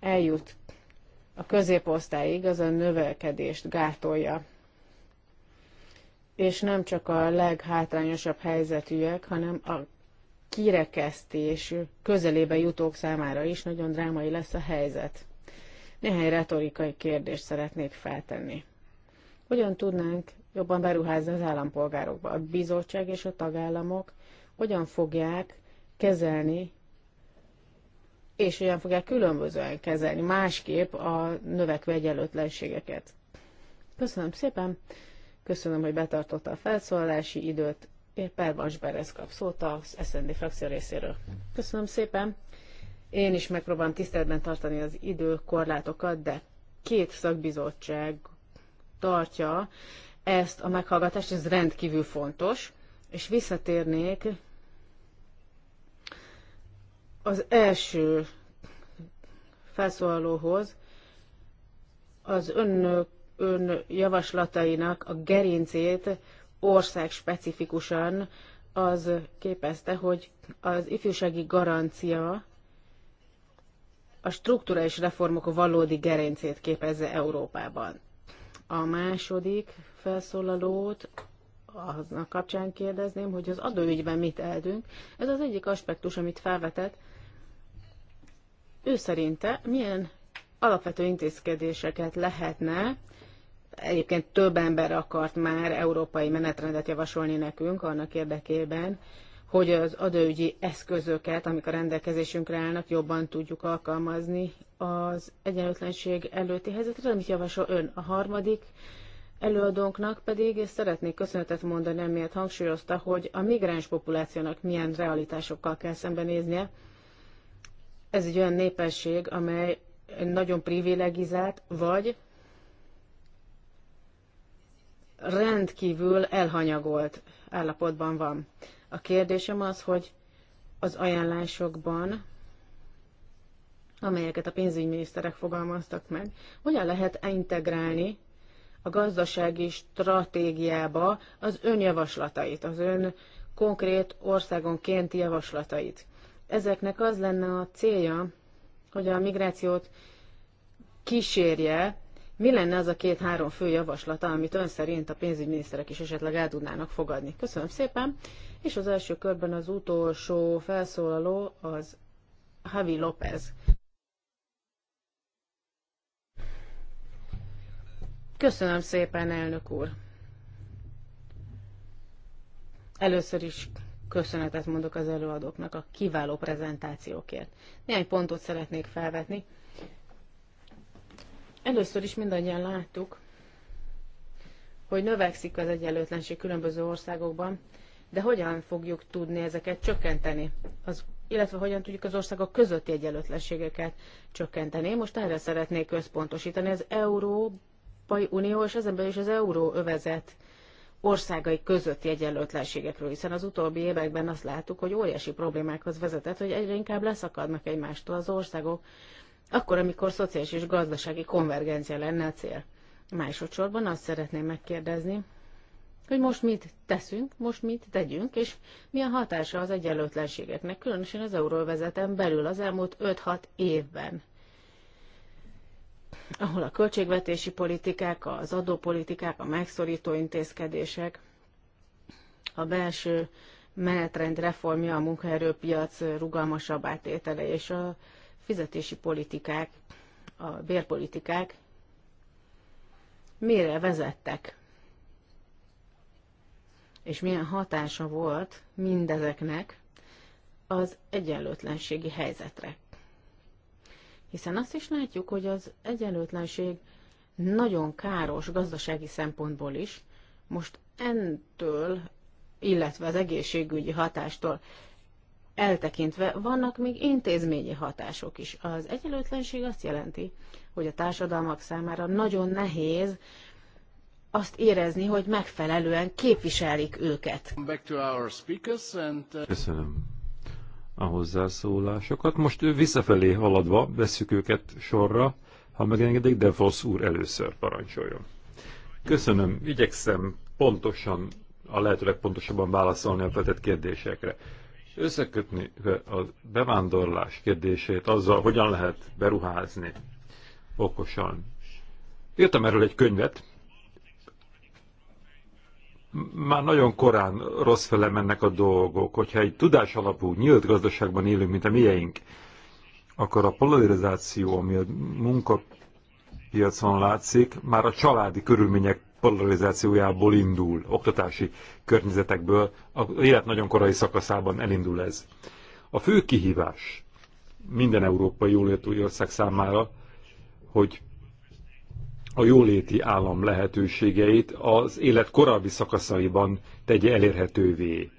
eljut a középosztályig az a növelkedést gátolja. És nem csak a leghátrányosabb helyzetűek, hanem a kirekesztés közelébe jutók számára is nagyon drámai lesz a helyzet. Néhány retorikai kérdést szeretnék feltenni. Hogyan tudnánk jobban beruházni az állampolgárokba? A bizottság és a tagállamok hogyan fogják kezelni és hogyan fogják különbözően kezelni másképp a növekvő egyenlőtlenségeket. Köszönöm szépen, köszönöm, hogy betartotta a felszólalási időt. Én Per Vansberez kap szót az SZND frakció részéről. Köszönöm szépen. Én is megpróbálom tiszteletben tartani az időkorlátokat, de két szakbizottság tartja ezt a meghallgatást, ez rendkívül fontos, és visszatérnék az első felszólalóhoz az önök ön javaslatainak a gerincét ország specifikusan az képezte, hogy az ifjúsági garancia a struktúrális reformok valódi gerincét képezze Európában. A második felszólalót aznak kapcsán kérdezném, hogy az adóügyben mit eldünk. Ez az egyik aspektus, amit felvetett. Ő szerinte milyen alapvető intézkedéseket lehetne, egyébként több ember akart már európai menetrendet javasolni nekünk annak érdekében, hogy az adóügyi eszközöket, amik a rendelkezésünkre állnak, jobban tudjuk alkalmazni az egyenlőtlenség előtti helyzetre, amit javasol ön. A harmadik Előadónknak pedig és szeretnék köszönetet mondani, amiért hangsúlyozta, hogy a migráns populációnak milyen realitásokkal kell szembenéznie. Ez egy olyan népesség, amely nagyon privilegizált, vagy rendkívül elhanyagolt állapotban van. A kérdésem az, hogy az ajánlásokban, amelyeket a pénzügyminiszterek fogalmaztak meg, hogyan lehet integrálni a gazdasági stratégiába az ön javaslatait, az ön konkrét országonként javaslatait. Ezeknek az lenne a célja, hogy a migrációt kísérje, mi lenne az a két-három fő javaslata, amit ön szerint a pénzügyminiszterek is esetleg el tudnának fogadni? Köszönöm szépen, és az első körben az utolsó felszólaló az Javi López Köszönöm szépen, elnök úr. Először is köszönetet mondok az előadóknak a kiváló prezentációkért. Néhány pontot szeretnék felvetni. Először is mindannyian láttuk, hogy növekszik az egyenlőtlenség különböző országokban, de hogyan fogjuk tudni ezeket csökkenteni, az, illetve hogyan tudjuk az országok közötti egyenlőtlenségeket csökkenteni. Most erre szeretnék központosítani. Az euró Európai Unió és ezen belül is az euróövezet országai közötti egyenlőtlenségekről, hiszen az utóbbi években azt láttuk, hogy óriási problémákhoz vezetett, hogy egyre inkább leszakadnak egymástól az országok, akkor, amikor szociális és gazdasági konvergencia lenne a cél. Másodszorban azt szeretném megkérdezni, hogy most mit teszünk, most mit tegyünk, és mi a hatása az egyenlőtlenségeknek, különösen az euróvezeten belül az elmúlt 5-6 évben ahol a költségvetési politikák, az adópolitikák, a megszorító intézkedések, a belső menetrend reformja, a munkaerőpiac rugalmasabb átétele és a fizetési politikák, a bérpolitikák mire vezettek, és milyen hatása volt mindezeknek az egyenlőtlenségi helyzetre. Hiszen azt is látjuk, hogy az egyenlőtlenség nagyon káros gazdasági szempontból is. Most entől, illetve az egészségügyi hatástól eltekintve vannak még intézményi hatások is. Az egyenlőtlenség azt jelenti, hogy a társadalmak számára nagyon nehéz azt érezni, hogy megfelelően képviselik őket. Uh, Köszönöm a hozzászólásokat. Most visszafelé haladva vesszük őket sorra, ha megengedik, de Vossz úr először parancsoljon. Köszönöm, igyekszem pontosan, a lehetőleg pontosabban válaszolni a feltett kérdésekre. Összekötni a bevándorlás kérdését azzal, hogyan lehet beruházni okosan. Írtam erről egy könyvet, már nagyon korán rossz fele mennek a dolgok. Hogyha egy tudás alapú, nyílt gazdaságban élünk, mint a mieink, akkor a polarizáció, ami a munkapiacon látszik, már a családi körülmények polarizációjából indul, oktatási környezetekből, a élet nagyon korai szakaszában elindul ez. A fő kihívás minden európai jólétű ország számára, hogy a jóléti állam lehetőségeit az élet korábbi szakaszaiban tegye elérhetővé,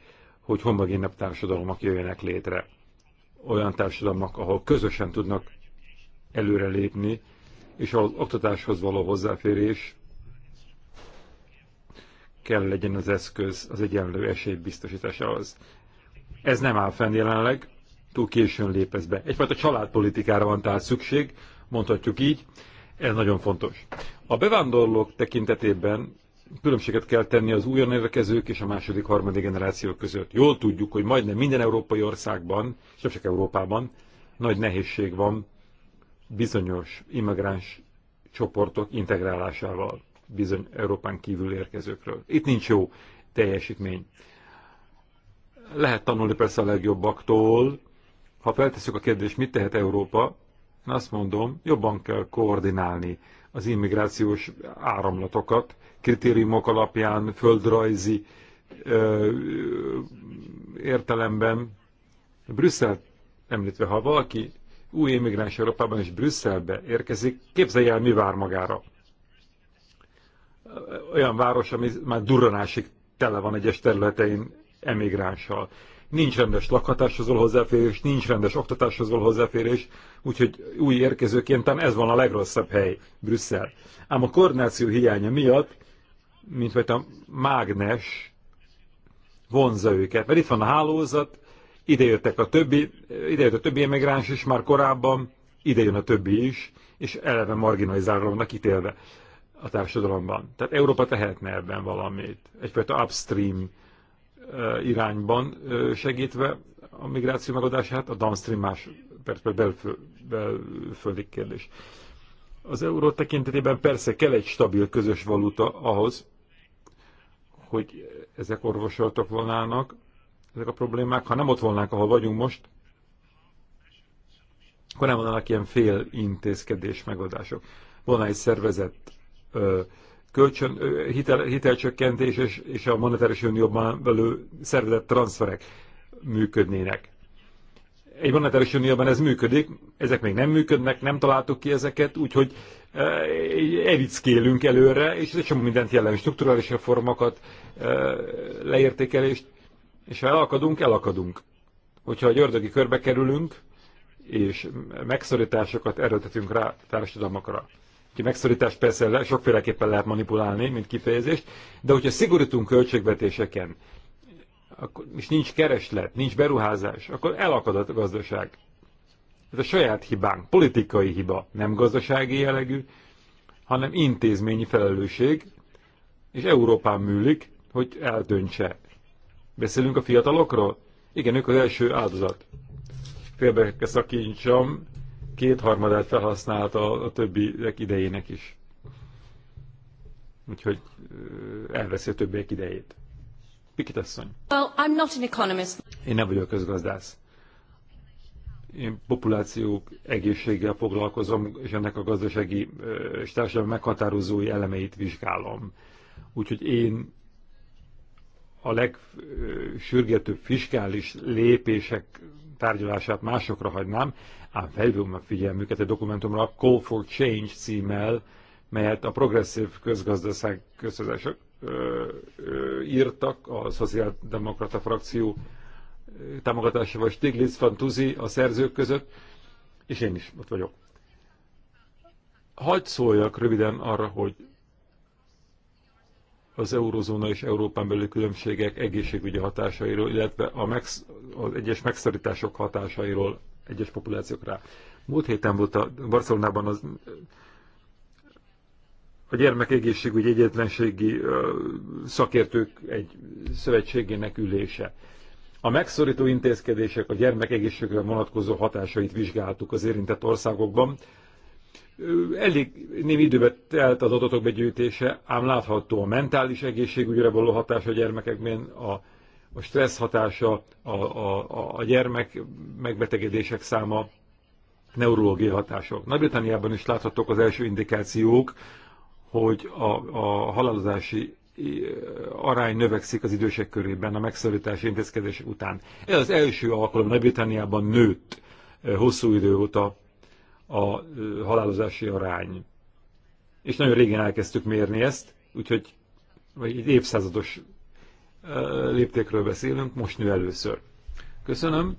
hogy homogénebb társadalmak jöjjenek létre. Olyan társadalmak, ahol közösen tudnak előrelépni, és az oktatáshoz való hozzáférés kell legyen az eszköz az egyenlő esély biztosítása az. Ez nem áll fenn jelenleg, túl későn lépez be. Egyfajta családpolitikára van tehát szükség, mondhatjuk így, ez nagyon fontos. A bevándorlók tekintetében különbséget kell tenni az újon érkezők és a második, harmadik generáció között. Jól tudjuk, hogy majdnem minden európai országban, és nem csak Európában, nagy nehézség van bizonyos immigráns csoportok integrálásával bizony Európán kívül érkezőkről. Itt nincs jó teljesítmény. Lehet tanulni persze a legjobbaktól. Ha feltesszük a kérdést, mit tehet Európa, azt mondom, jobban kell koordinálni az immigrációs áramlatokat, kritériumok alapján, földrajzi ö, értelemben. Brüsszel említve, ha valaki új immigráns Európában és Brüsszelbe érkezik, képzelje el, mi vár magára. Olyan város, ami már durranásig tele van egyes területein emigránssal nincs rendes lakhatáshoz való hozzáférés, nincs rendes oktatáshoz való hozzáférés, úgyhogy új érkezőként talán ez van a legrosszabb hely, Brüsszel. Ám a koordináció hiánya miatt, mint vagy a mágnes vonza őket. Mert itt van a hálózat, ide jöttek a többi, ide jött a többi emigráns is már korábban, ide jön a többi is, és eleve marginalizálónak ítélve a társadalomban. Tehát Európa tehetne ebben valamit, egyfajta upstream irányban segítve a migráció megadását, a downstream más, persze belföl, belföldi kérdés. Az euró tekintetében persze kell egy stabil közös valuta ahhoz, hogy ezek orvosoltak volnának, ezek a problémák. Ha nem ott volnánk, ahol vagyunk most, akkor nem volnának ilyen fél intézkedés megoldások. Volna egy szervezett kölcsön, hitel, hitelcsökkentés és, és a monetáris unióban belő szervezett transferek működnének. Egy monetáris unióban ez működik, ezek még nem működnek, nem találtuk ki ezeket, úgyhogy evickélünk előre, és ez csomó mindent jelent, strukturális reformokat, leértékelést, és ha elakadunk, elakadunk. Hogyha a györdögi körbe kerülünk, és megszorításokat erőltetünk rá társadalmakra, ki megszorítást persze sokféleképpen lehet manipulálni, mint kifejezést, de hogyha szigorítunk költségvetéseken, akkor, és nincs kereslet, nincs beruházás, akkor elakad a gazdaság. Ez a saját hibánk, politikai hiba, nem gazdasági jellegű, hanem intézményi felelősség, és Európán műlik, hogy eldöntse. Beszélünk a fiatalokról? Igen, ők az első áldozat. Félbe kell szakítsam, kétharmadát felhasználta a többiek idejének is. Úgyhogy elveszi a többiek idejét. Pikit asszony. Well, I'm not an economist. Én nem vagyok közgazdász. Én populációk egészséggel foglalkozom, és ennek a gazdasági és társadalmi meghatározói elemeit vizsgálom. Úgyhogy én a legsürgetőbb fiskális lépések tárgyalását másokra hagynám, ám felhívom a figyelmüket a dokumentumra a Call for Change címmel, melyet a progresszív közgazdaság közgazdaság írtak, a szociáldemokrata frakció támogatásával Stiglitz van Tuzi a szerzők között, és én is ott vagyok. Hagy szóljak röviden arra, hogy az eurozóna és Európán belüli különbségek egészségügyi hatásairól, illetve a megsz- az egyes megszorítások hatásairól egyes populációk rá. Múlt héten volt a Barcelonában az, a gyermekegészségügy egyetlenségi szakértők egy szövetségének ülése. A megszorító intézkedések a gyermekegészségre vonatkozó hatásait vizsgáltuk az érintett országokban. Elég némi időbe telt az adatok begyűjtése, ám látható a mentális egészségügyre való hatás a gyermekekben, a a stressz hatása, a, a, a gyermek megbetegedések száma, neurológiai hatások. Nagy-Britanniában is láthatók az első indikációk, hogy a, a halálozási arány növekszik az idősek körében a megszorítási intézkedések után. Ez az első alkalom Nagy-Britanniában nőtt eh, hosszú idő óta a eh, halálozási arány. És nagyon régen elkezdtük mérni ezt, úgyhogy vagy egy évszázados léptékről beszélünk, most nő először. Köszönöm,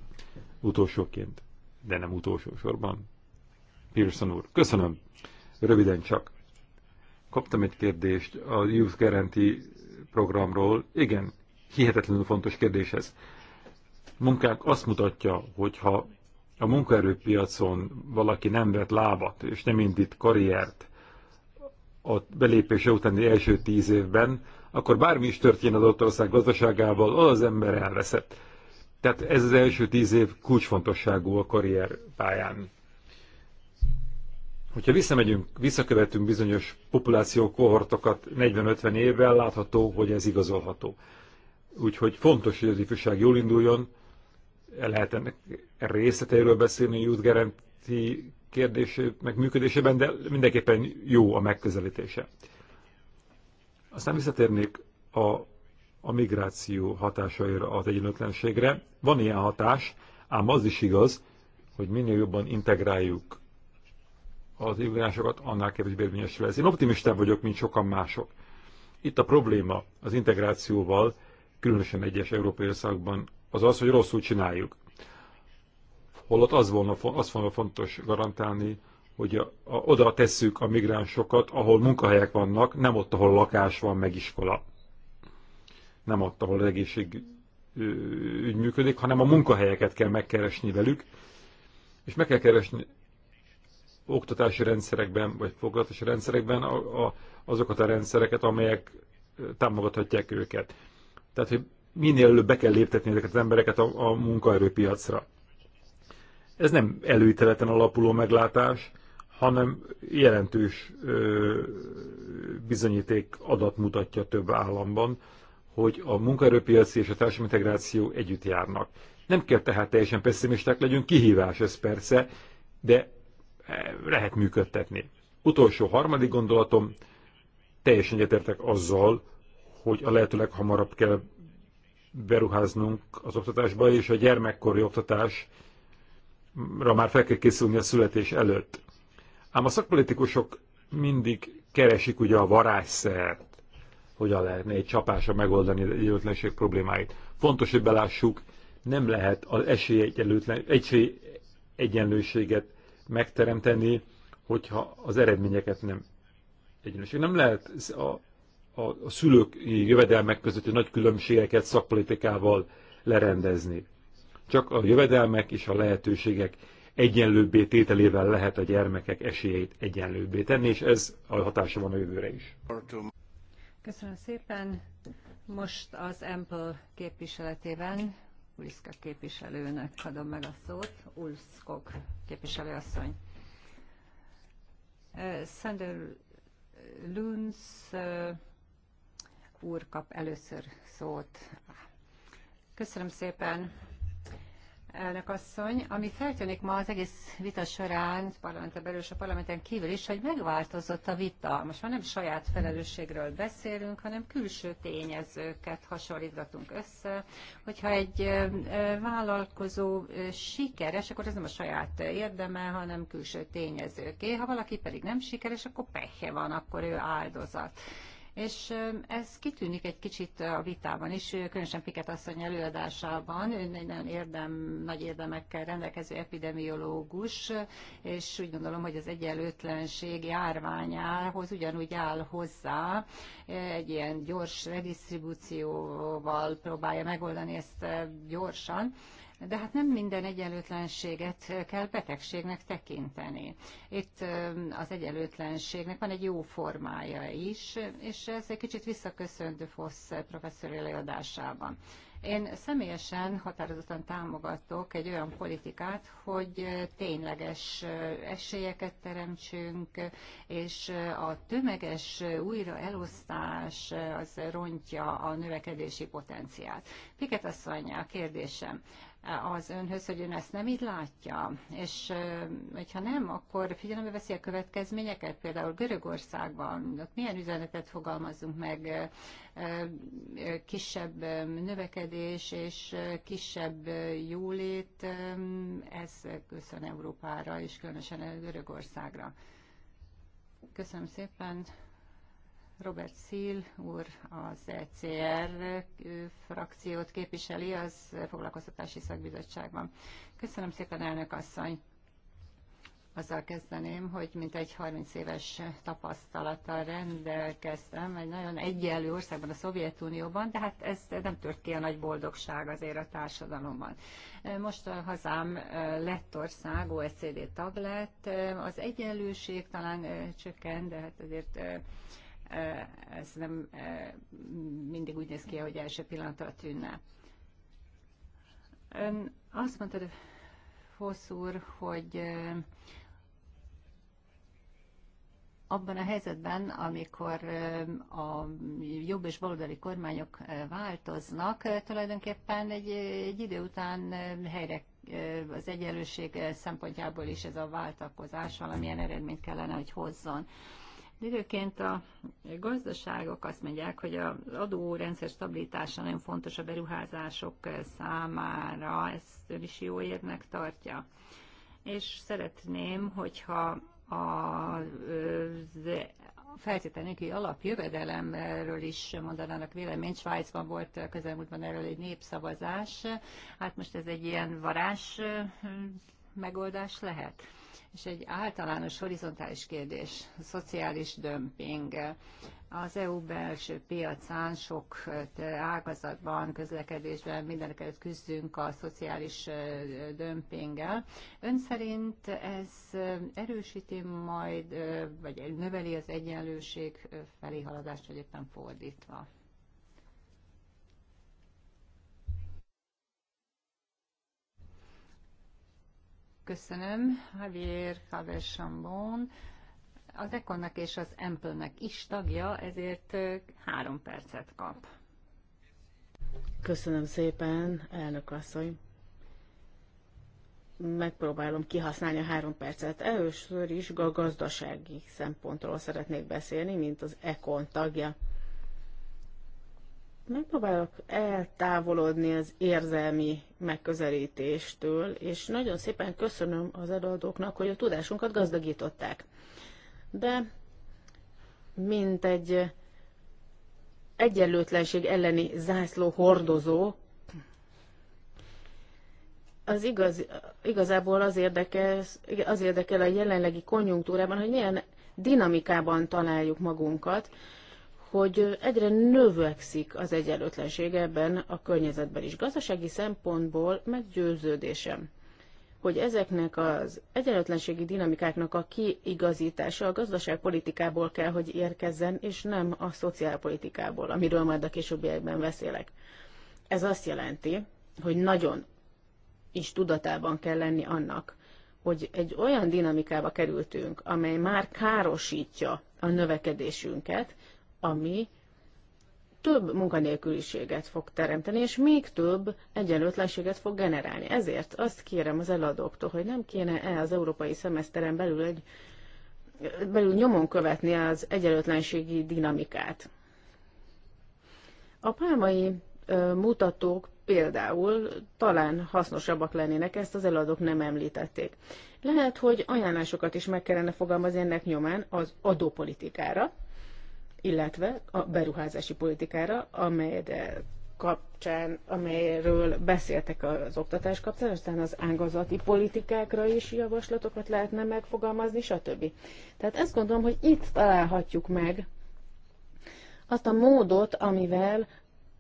utolsóként, de nem utolsó sorban. Pearson úr, köszönöm, röviden csak. Kaptam egy kérdést a Youth Guarantee programról. Igen, hihetetlenül fontos kérdés ez. Munkák azt mutatja, hogyha a munkaerőpiacon valaki nem vett lábat, és nem indít karriert a belépése utáni első tíz évben, akkor bármi is történ az ott ország gazdaságával, az az ember elveszett. Tehát ez az első tíz év kulcsfontosságú a karrier pályán. Hogyha visszamegyünk, visszakövetünk bizonyos populáció kohortokat 40-50 évvel, látható, hogy ez igazolható. Úgyhogy fontos, hogy az ifjúság jól induljon, lehet ennek részleteiről beszélni jut garanti Guarantee kérdésének működésében, de mindenképpen jó a megközelítése. Aztán visszatérnék a, a migráció hatásaira az egyenlőtlenségre. Van ilyen hatás, ám az is igaz, hogy minél jobban integráljuk az immigránsokat, annál kevésbé érvényesül ez. Én optimistább vagyok, mint sokan mások. Itt a probléma az integrációval, különösen egyes európai országban, az az, hogy rosszul csináljuk. Holott az volna, az volna fontos garantálni, hogy a, a, oda tesszük a migránsokat, ahol munkahelyek vannak, nem ott, ahol lakás van, meg iskola. Nem ott, ahol egészségügy működik, hanem a munkahelyeket kell megkeresni velük, és meg kell keresni oktatási rendszerekben, vagy foglalkozási rendszerekben a, a, azokat a rendszereket, amelyek támogathatják őket. Tehát, hogy minél előbb be kell léptetni ezeket az embereket a, a munkaerőpiacra. Ez nem előíteleten alapuló meglátás, hanem jelentős bizonyíték adat mutatja több államban, hogy a munkaerőpiaci és a társadalmi integráció együtt járnak. Nem kell tehát teljesen pessimisták legyünk, kihívás ez persze, de e, lehet működtetni. Utolsó harmadik gondolatom, teljesen egyetértek azzal, hogy a lehető leghamarabb kell beruháznunk az oktatásba, és a gyermekkori oktatásra már fel kell készülni a születés előtt. Ám a szakpolitikusok mindig keresik ugye a varázsszert, hogyan lehetne egy csapásra megoldani az egyenlőtlenség problémáit. Fontos, hogy belássuk, nem lehet az esély egyenlőséget megteremteni, hogyha az eredményeket nem egyenlőség. Nem lehet a, a, a szülők jövedelmek közötti nagy különbségeket szakpolitikával lerendezni. Csak a jövedelmek és a lehetőségek egyenlőbbé tételével lehet a gyermekek esélyeit egyenlőbbé tenni, és ez a hatása van a jövőre is. Köszönöm szépen. Most az Ample képviseletében Uliszka képviselőnek adom meg a szót. Ulszkog képviselőasszony. Sander Lunds úr kap először szót. Köszönöm szépen elnök asszony. Ami feltűnik ma az egész vita során, parlamenten belül és a parlamenten kívül is, hogy megváltozott a vita. Most már nem saját felelősségről beszélünk, hanem külső tényezőket hasonlítgatunk össze. Hogyha egy vállalkozó sikeres, akkor ez nem a saját érdeme, hanem külső tényezőké. Ha valaki pedig nem sikeres, akkor pehje van, akkor ő áldozat és ez kitűnik egy kicsit a vitában is, különösen Piket asszony előadásában, Ön egy nagyon érdem, nagy érdemekkel rendelkező epidemiológus, és úgy gondolom, hogy az egyenlőtlenség járványához ugyanúgy áll hozzá, egy ilyen gyors redistribúcióval próbálja megoldani ezt gyorsan, de hát nem minden egyenlőtlenséget kell betegségnek tekinteni. Itt az egyenlőtlenségnek van egy jó formája is, és ez egy kicsit visszaköszöntő Fosz professzor előadásában. Én személyesen határozottan támogatok egy olyan politikát, hogy tényleges esélyeket teremtsünk, és a tömeges újraelosztás az rontja a növekedési potenciált. Piket a kérdésem az önhöz, hogy ön ezt nem így látja, és hogyha nem, akkor figyelembe veszi a következményeket, például Görögországban, ott milyen üzenetet fogalmazunk meg, kisebb növekedés és kisebb jólét, ez köszön Európára és különösen Görögországra. Köszönöm szépen! Robert Szil úr az ECR frakciót képviseli az foglalkoztatási szakbizottságban. Köszönöm szépen, elnök asszony! Azzal kezdeném, hogy mint egy 30 éves tapasztalattal rendelkeztem egy nagyon egyenlő országban, a Szovjetunióban, de hát ez nem tört ki a nagy boldogság azért a társadalomban. Most a hazám Lettország OECD tag lett, az egyenlőség talán csökkent, de hát azért ez nem mindig úgy néz ki, hogy első pillanatra tűnne. Ön azt mondta, Hossz úr, hogy abban a helyzetben, amikor a jobb és baloldali kormányok változnak, tulajdonképpen egy, egy idő után helyre az egyenlőség szempontjából is ez a váltakozás valamilyen eredményt kellene, hogy hozzon. Időként a gazdaságok azt mondják, hogy az adórendszer stabilitása nagyon fontos a beruházások számára, ezt ön is jó érnek tartja. És szeretném, hogyha a feltétel nélküli alapjövedelemről is mondanának véleményt. Svájcban volt közelmúltban erről egy népszavazás. Hát most ez egy ilyen varázs megoldás lehet és egy általános horizontális kérdés, a szociális dömping. Az EU belső piacán sok ágazatban, közlekedésben mindeneket küzdünk a szociális dömpinggel. Ön szerint ez erősíti majd, vagy növeli az egyenlőség felé haladást, vagy éppen fordítva? Köszönöm Javier Chambon az Econnak és az Ample-nek is tagja, ezért három percet kap. Köszönöm szépen, elnök asszony. Megpróbálom kihasználni a három percet. Először is a gazdasági szempontról szeretnék beszélni, mint az Econ tagja megpróbálok eltávolodni az érzelmi megközelítéstől, és nagyon szépen köszönöm az előadóknak, hogy a tudásunkat gazdagították. De mint egy egyenlőtlenség elleni zászló hordozó, az igaz, igazából az érdekel, az érdekel a jelenlegi konjunktúrában, hogy milyen dinamikában találjuk magunkat, hogy egyre növekszik az egyenlőtlenség ebben a környezetben is. Gazdasági szempontból meggyőződésem, hogy ezeknek az egyenlőtlenségi dinamikáknak a kiigazítása a gazdaságpolitikából kell, hogy érkezzen, és nem a szociálpolitikából, amiről majd a későbbiekben beszélek. Ez azt jelenti, hogy nagyon is tudatában kell lenni annak, hogy egy olyan dinamikába kerültünk, amely már károsítja a növekedésünket, ami több munkanélküliséget fog teremteni, és még több egyenlőtlenséget fog generálni. Ezért azt kérem az eladóktól, hogy nem kéne-e az európai szemeszteren belül egy belül nyomon követni az egyenlőtlenségi dinamikát. A pálmai mutatók például talán hasznosabbak lennének, ezt az eladók nem említették. Lehet, hogy ajánlásokat is meg kellene fogalmazni ennek nyomán az adópolitikára, illetve a beruházási politikára, amelyre kapcsán, amelyről beszéltek az oktatás kapcsán, aztán az ágazati politikákra is javaslatokat lehetne megfogalmazni, stb. Tehát ezt gondolom, hogy itt találhatjuk meg azt a módot, amivel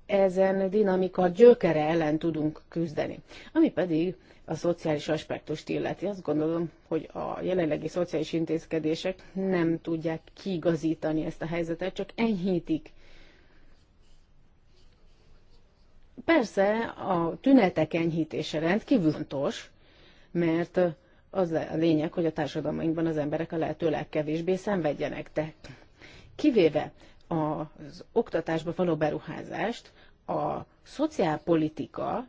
ezen dinamika gyökere ellen tudunk küzdeni. Ami pedig a szociális aspektust illeti. Azt gondolom, hogy a jelenlegi szociális intézkedések nem tudják kiigazítani ezt a helyzetet, csak enyhítik. Persze a tünetek enyhítése rendkívül fontos, mert az a lényeg, hogy a társadalmainkban az emberek a lehető legkevésbé szenvedjenek, de kivéve az oktatásba való beruházást, a szociálpolitika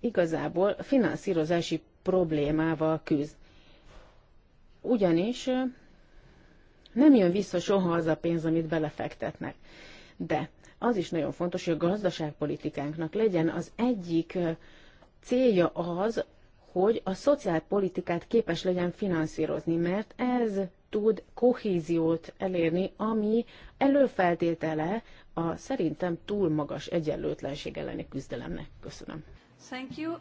igazából finanszírozási problémával küzd. Ugyanis nem jön vissza soha az a pénz, amit belefektetnek. De az is nagyon fontos, hogy a gazdaságpolitikánknak legyen az egyik célja az, hogy a szociálpolitikát képes legyen finanszírozni, mert ez tud kohéziót elérni, ami előfeltétele a szerintem túl magas egyenlőtlenség elleni küzdelemnek. Köszönöm. Thank you.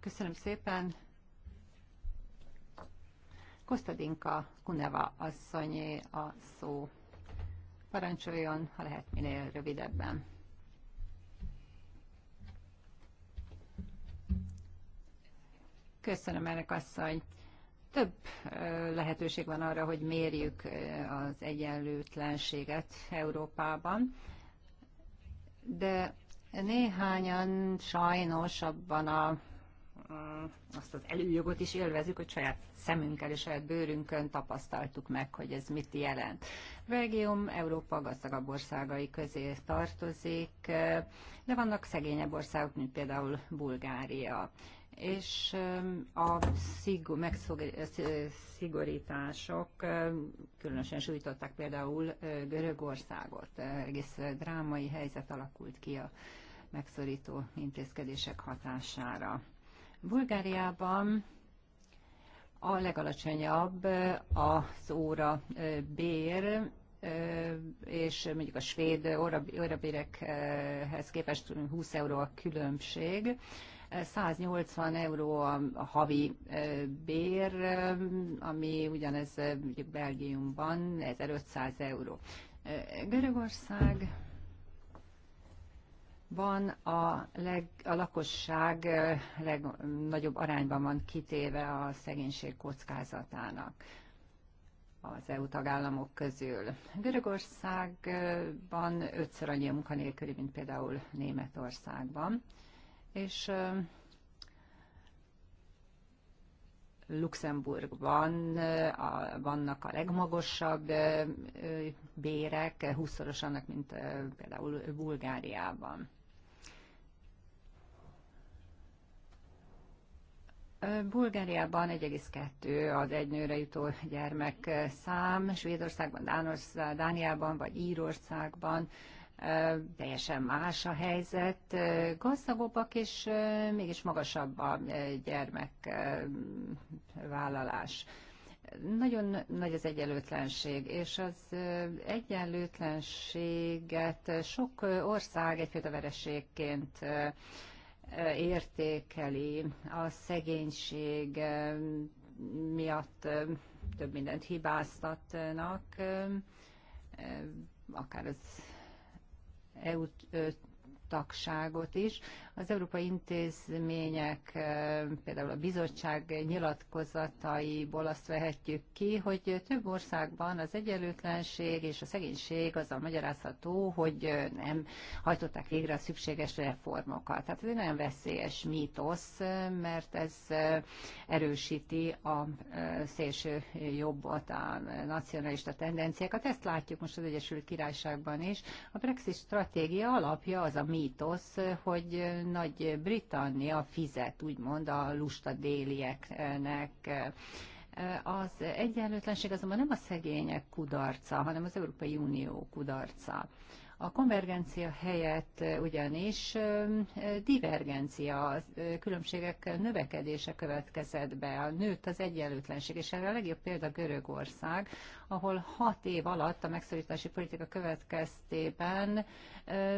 Köszönöm szépen. Kostadinka Kuneva asszonyé a szó. Parancsoljon, ha lehet minél rövidebben. Köszönöm, elnök asszony. Több lehetőség van arra, hogy mérjük az egyenlőtlenséget Európában, de Néhányan sajnos abban a mm, azt az előjogot is élvezük, hogy saját szemünkkel és saját bőrünkön tapasztaltuk meg, hogy ez mit jelent. Belgium Európa gazdagabb országai közé tartozik, de vannak szegényebb országok, mint például Bulgária és a szigor, különösen sújtották például Görögországot. Egész drámai helyzet alakult ki a megszorító intézkedések hatására. Bulgáriában a legalacsonyabb az óra bér, és mondjuk a svéd órabérekhez képest 20 euró a különbség, 180 euró a havi bér, ami ugyanez mondjuk Belgiumban 1500 euró. Görögország van a, leg, a lakosság legnagyobb arányban van kitéve a szegénység kockázatának az EU tagállamok közül. Görögországban ötször annyi a munkanélküli, mint például Németországban és Luxemburgban a, vannak a legmagasabb bérek, 20 annak, mint például Bulgáriában. Bulgáriában 1,2 az egy nőre jutó gyermek szám, Svédországban, Dániában vagy Írországban teljesen más a helyzet. Gazdagobbak és mégis magasabb a gyermekvállalás. Nagyon nagy az egyenlőtlenség, és az egyenlőtlenséget sok ország egyfajta vereségként értékeli. A szegénység miatt több mindent hibáztatnak, akár az EU tagságot is, az európai intézmények, eh, például a bizottság nyilatkozataiból azt vehetjük ki, hogy több országban az egyenlőtlenség és a szegénység a magyarázható, hogy eh, nem hajtották végre a szükséges reformokat. Tehát ez egy nagyon veszélyes mítosz, eh, mert ez erősíti a szélső jobbot, a nacionalista tendenciákat. Ezt látjuk most az Egyesült Királyságban is. A Brexit stratégia alapja az a mítosz, hogy nagy-Britannia fizet, úgymond a lusta délieknek. Az egyenlőtlenség azonban nem a szegények kudarca, hanem az Európai Unió kudarca. A konvergencia helyett ugyanis divergencia, különbségek növekedése következett be, nőtt az egyenlőtlenség, és erre a legjobb példa Görögország, ahol hat év alatt a megszorítási politika következtében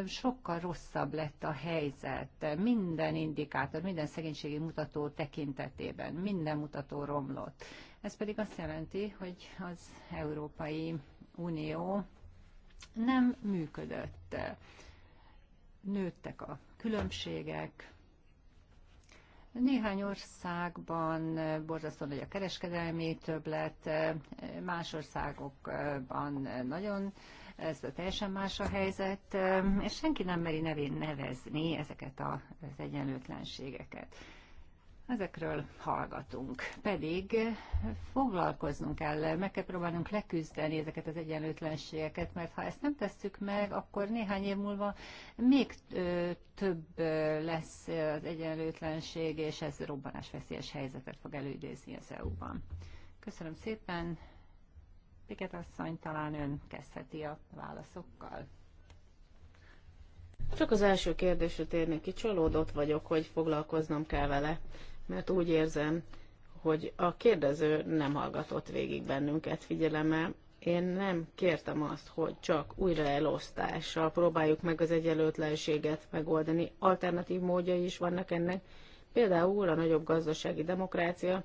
sokkal rosszabb lett a helyzet. Minden indikátor, minden szegénységi mutató tekintetében, minden mutató romlott. Ez pedig azt jelenti, hogy az Európai Unió nem működött. Nőttek a különbségek, néhány országban borzasztó nagy a kereskedelmi többlet, más országokban nagyon ez teljesen más a helyzet, és senki nem meri nevén nevezni ezeket az egyenlőtlenségeket. Ezekről hallgatunk. Pedig foglalkoznunk kell, meg kell próbálnunk leküzdeni ezeket az egyenlőtlenségeket, mert ha ezt nem tesszük meg, akkor néhány év múlva még több lesz az egyenlőtlenség, és ez robbanásveszélyes helyzetet fog előidézni az EU-ban. Köszönöm szépen. Piket asszony, talán ön kezdheti a válaszokkal. Csak az első kérdésre térnék ki, csalódott vagyok, hogy foglalkoznom kell vele mert úgy érzem, hogy a kérdező nem hallgatott végig bennünket figyeleme. Én nem kértem azt, hogy csak újra elosztással próbáljuk meg az egyenlőtlenséget megoldani. Alternatív módjai is vannak ennek, például a nagyobb gazdasági demokrácia,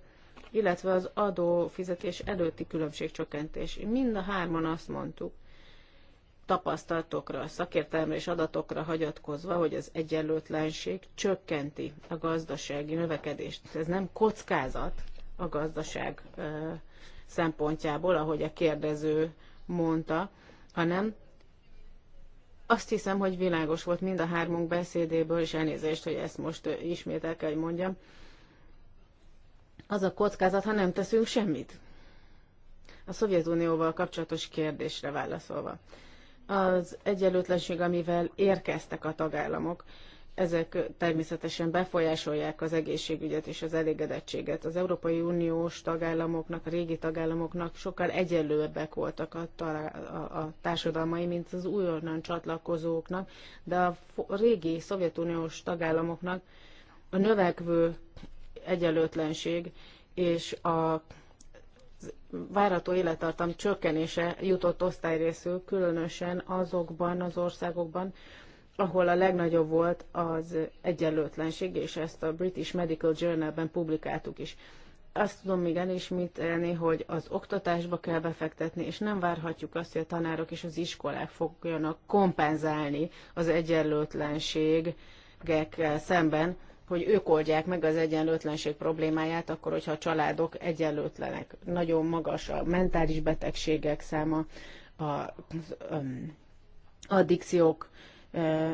illetve az adófizetés előtti különbségcsökkentés. Mind a hárman azt mondtuk, tapasztalatokra, szakértelme és adatokra hagyatkozva, hogy az egyenlőtlenség csökkenti a gazdasági növekedést. Ez nem kockázat a gazdaság szempontjából, ahogy a kérdező mondta, hanem azt hiszem, hogy világos volt mind a hármunk beszédéből, és elnézést, hogy ezt most ismét el kell, hogy mondjam. Az a kockázat, ha nem teszünk semmit. A Szovjetunióval kapcsolatos kérdésre válaszolva az egyenlőtlenség, amivel érkeztek a tagállamok, ezek természetesen befolyásolják az egészségügyet és az elégedettséget. Az Európai Uniós tagállamoknak, a régi tagállamoknak sokkal egyenlőbbek voltak a, a, a társadalmai, mint az újonnan csatlakozóknak, de a régi szovjetuniós tagállamoknak a növekvő egyenlőtlenség és a Várató élettartam csökkenése jutott osztályrészül, különösen azokban az országokban, ahol a legnagyobb volt az egyenlőtlenség, és ezt a British Medical Journal-ben publikáltuk is. Azt tudom még elismételni, hogy az oktatásba kell befektetni, és nem várhatjuk azt, hogy a tanárok és az iskolák fogjanak kompenzálni az egyenlőtlenségek szemben, hogy ők oldják meg az egyenlőtlenség problémáját, akkor, hogyha a családok egyenlőtlenek. Nagyon magas a mentális betegségek száma, a, a addikciók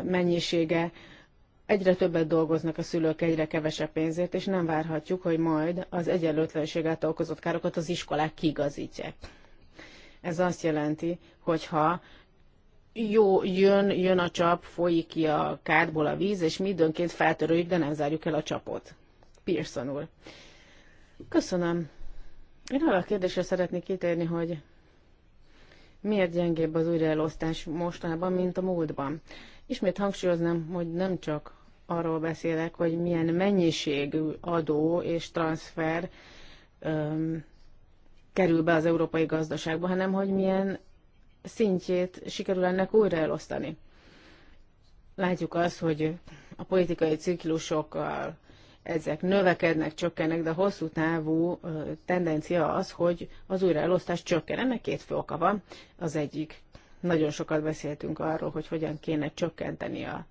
mennyisége, egyre többet dolgoznak a szülők egyre kevesebb pénzért, és nem várhatjuk, hogy majd az egyenlőtlenség által okozott károkat az iskolák kigazítják. Ez azt jelenti, hogyha jó, jön, jön a csap, folyik ki a kádból a víz, és mi időnként feltörőjük, de nem zárjuk el a csapot. Pearson úr. Köszönöm. Én arra a kérdésre szeretnék kitérni, hogy miért gyengébb az újraelosztás mostanában, mint a múltban. Ismét hangsúlyoznám, hogy nem csak arról beszélek, hogy milyen mennyiségű adó és transfer öm, kerül be az európai gazdaságba, hanem hogy milyen szintjét sikerül ennek újra elosztani. Látjuk azt, hogy a politikai ciklusokkal ezek növekednek, csökkennek, de a hosszú távú tendencia az, hogy az újraelosztás csökken. Ennek két fő oka van. Az egyik, nagyon sokat beszéltünk arról, hogy hogyan kéne csökkenteni a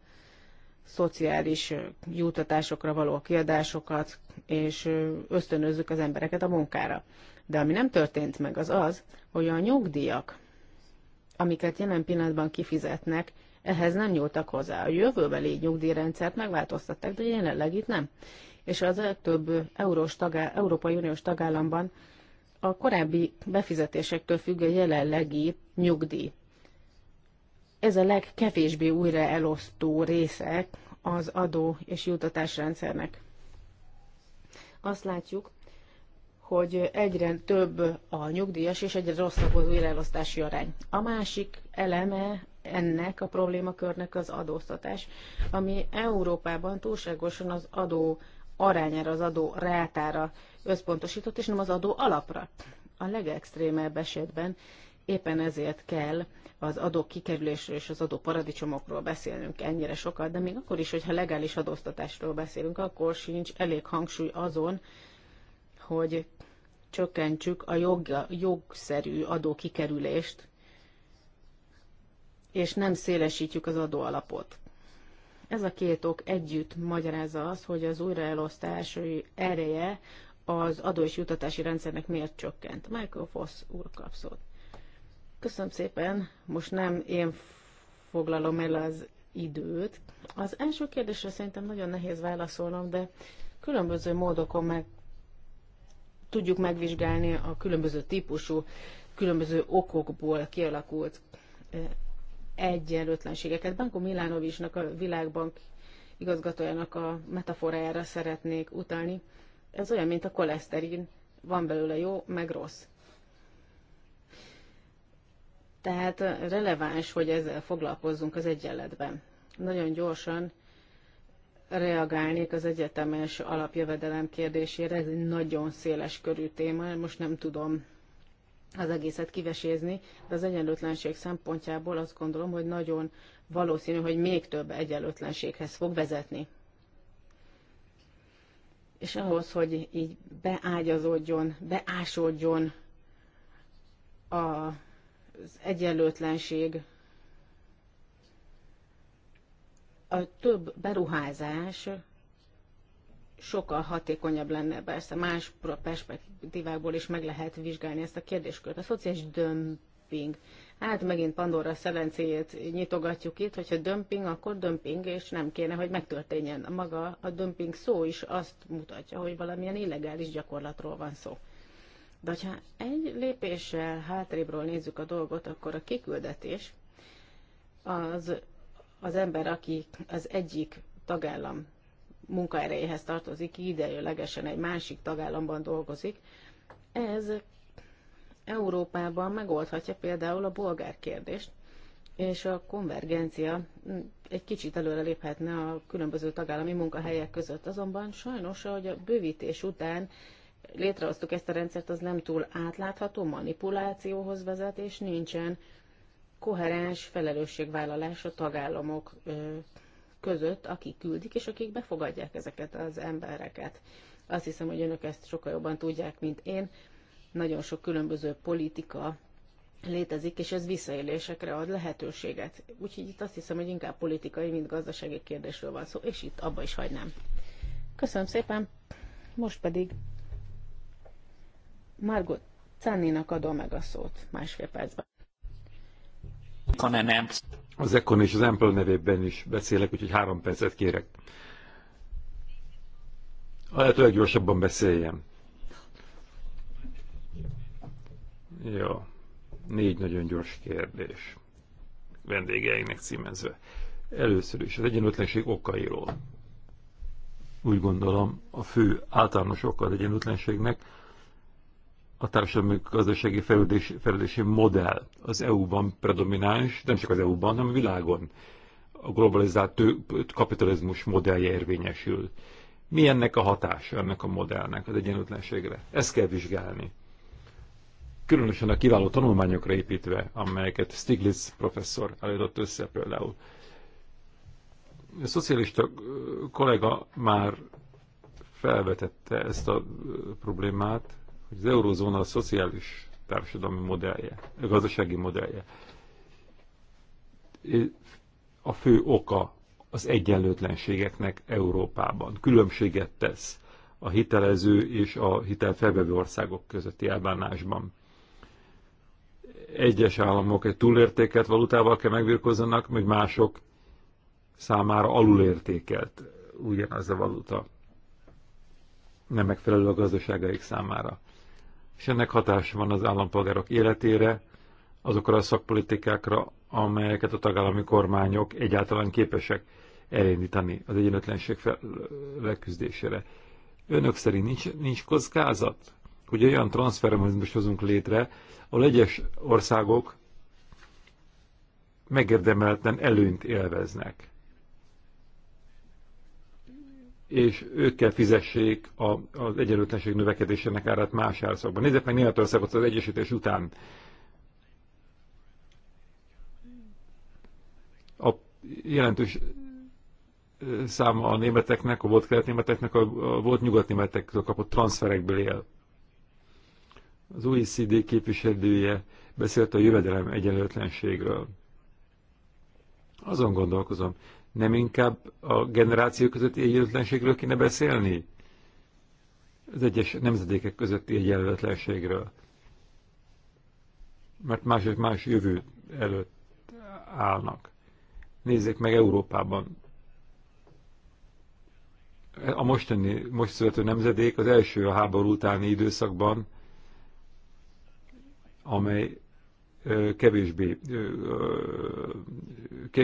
szociális jutatásokra való kiadásokat, és ösztönözzük az embereket a munkára. De ami nem történt meg, az az, hogy a nyugdíjak amiket jelen pillanatban kifizetnek, ehhez nem nyúltak hozzá. A jövőbeli nyugdíjrendszert megváltoztatták, de jelenleg itt nem. És az legtöbb eurós tagá, Európai Uniós tagállamban a korábbi befizetésektől függ a jelenlegi nyugdíj. Ez a legkevésbé újra elosztó részek az adó és jutatásrendszernek. Azt látjuk, hogy egyre több a nyugdíjas és egyre rosszabb az újraelosztási arány. A másik eleme ennek a problémakörnek az adóztatás, ami Európában túlságosan az adó arányára, az adó rátára összpontosított, és nem az adó alapra. A legextrémebb esetben éppen ezért kell az adó kikerülésről és az adó paradicsomokról beszélnünk ennyire sokat, de még akkor is, hogyha legális adóztatásról beszélünk, akkor sincs elég hangsúly azon, hogy csökkentsük a jog, jogszerű adókikerülést, és nem szélesítjük az adóalapot. Ez a két ok együtt magyarázza az, hogy az újraelosztási ereje az adó és jutatási rendszernek miért csökkent. Michael Foss úr kapszott. Köszönöm szépen, most nem én foglalom el az időt. Az első kérdésre szerintem nagyon nehéz válaszolnom, de különböző módokon meg tudjuk megvizsgálni a különböző típusú, különböző okokból kialakult egyenlőtlenségeket. Banko Milánovicsnak, a Világbank igazgatójának a metaforájára szeretnék utalni. Ez olyan, mint a koleszterin. Van belőle jó, meg rossz. Tehát releváns, hogy ezzel foglalkozzunk az egyenletben. Nagyon gyorsan reagálnék az egyetemes alapjövedelem kérdésére. Ez egy nagyon széles körű téma, most nem tudom az egészet kivesézni, de az egyenlőtlenség szempontjából azt gondolom, hogy nagyon valószínű, hogy még több egyenlőtlenséghez fog vezetni. És ahhoz, hogy így beágyazódjon, beásódjon az egyenlőtlenség a több beruházás sokkal hatékonyabb lenne, persze más perspektívákból is meg lehet vizsgálni ezt a kérdéskört. A szociális dömping. Hát megint Pandora szelencéjét nyitogatjuk itt, hogyha dömping, akkor dömping, és nem kéne, hogy megtörténjen. Maga a dömping szó is azt mutatja, hogy valamilyen illegális gyakorlatról van szó. De ha egy lépéssel hátrébről nézzük a dolgot, akkor a kiküldetés az az ember, aki az egyik tagállam munkaerejéhez tartozik, idejölegesen egy másik tagállamban dolgozik, ez Európában megoldhatja például a bolgár kérdést, és a konvergencia egy kicsit előre léphetne a különböző tagállami munkahelyek között. Azonban sajnos, hogy a bővítés után létrehoztuk ezt a rendszert, az nem túl átlátható, manipulációhoz vezet, és nincsen koherens felelősségvállalás a tagállamok között, akik küldik és akik befogadják ezeket az embereket. Azt hiszem, hogy önök ezt sokkal jobban tudják, mint én. Nagyon sok különböző politika létezik, és ez visszaélésekre ad lehetőséget. Úgyhogy itt azt hiszem, hogy inkább politikai, mint gazdasági kérdésről van szó, és itt abba is hagynám. Köszönöm szépen, most pedig Margot Czanninak adom meg a szót másfél percben. Az Econ és az Ample nevében is beszélek, úgyhogy három percet kérek. A lehető leggyorsabban beszéljem. Jó. Négy nagyon gyors kérdés. Vendégeinek címezve. Először is az egyenlőtlenség okairól. Úgy gondolom, a fő általános oka az egyenlőtlenségnek, a társadalmi gazdasági fejlődési, fejlődési modell az EU-ban predomináns, nem csak az EU-ban, hanem a világon a globalizált kapitalizmus modellje érvényesül. Mi ennek a hatása ennek a modellnek az egyenlőtlenségre? Ezt kell vizsgálni. Különösen a kiváló tanulmányokra építve, amelyeket Stiglitz professzor előadott össze például. A szocialista kollega már felvetette ezt a problémát, hogy az eurozóna a szociális társadalmi modellje, a gazdasági modellje a fő oka az egyenlőtlenségeknek Európában. Különbséget tesz a hitelező és a hitelfelvevő országok közötti elbánásban. Egyes államok egy túlértékelt valutával kell megvirkozzanak, vagy mások számára alulértékelt ugyanaz a valuta. Nem megfelelő a gazdaságaik számára és ennek hatása van az állampolgárok életére, azokra a szakpolitikákra, amelyeket a tagállami kormányok egyáltalán képesek elindítani az egyenlőtlenség leküzdésére. Önök szerint nincs, nincs kockázat, hogy olyan transfermezmus hozunk létre, ahol egyes országok megérdemelten előnyt élveznek és ők kell fizessék a, az egyenlőtlenség növekedésének árát más árszakban. Nézzük meg Németországot az egyesítés után. A jelentős száma a németeknek, a volt kelet-németeknek, a, volt nyugat-németektől kapott transferekből él. Az OECD képviselője beszélt a jövedelem egyenlőtlenségről. Azon gondolkozom, nem inkább a generációk közötti egyenlőtlenségről kéne beszélni? Az egyes nemzedékek közötti egyenlőtlenségről. Mert más és más jövő előtt állnak. Nézzék meg Európában. A mostani, most születő nemzedék az első a háború utáni időszakban, amely kevésbé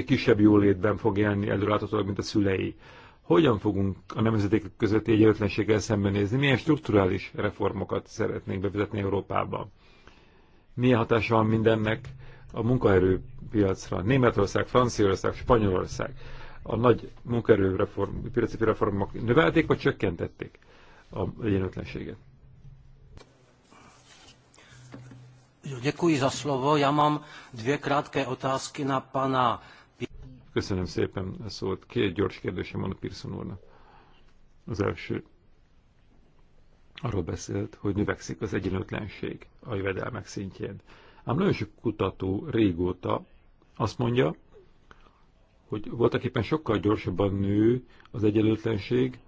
kisebb jólétben fog élni előláthatólag, mint a szülei. Hogyan fogunk a nemzetek közötti egyenlőtlenséggel szembenézni? Milyen strukturális reformokat szeretnénk bevezetni Európába? Milyen hatása van mindennek a munkaerőpiacra? Németország, Franciaország, Spanyolország a nagy munkaerőreform, piaci reformok növelték vagy csökkentették a egyenlőtlenséget? Děkuji za slovo. Já mám dvě krátké otázky na pana... Köszönöm szépen a szót. Két gyors kérdésem van a Pearson úrnak. Az első arról beszélt, hogy növekszik az egyenlőtlenség a jövedelmek szintjén. Ám nagyon sok kutató régóta azt mondja, hogy voltak éppen sokkal gyorsabban nő az egyenlőtlenség,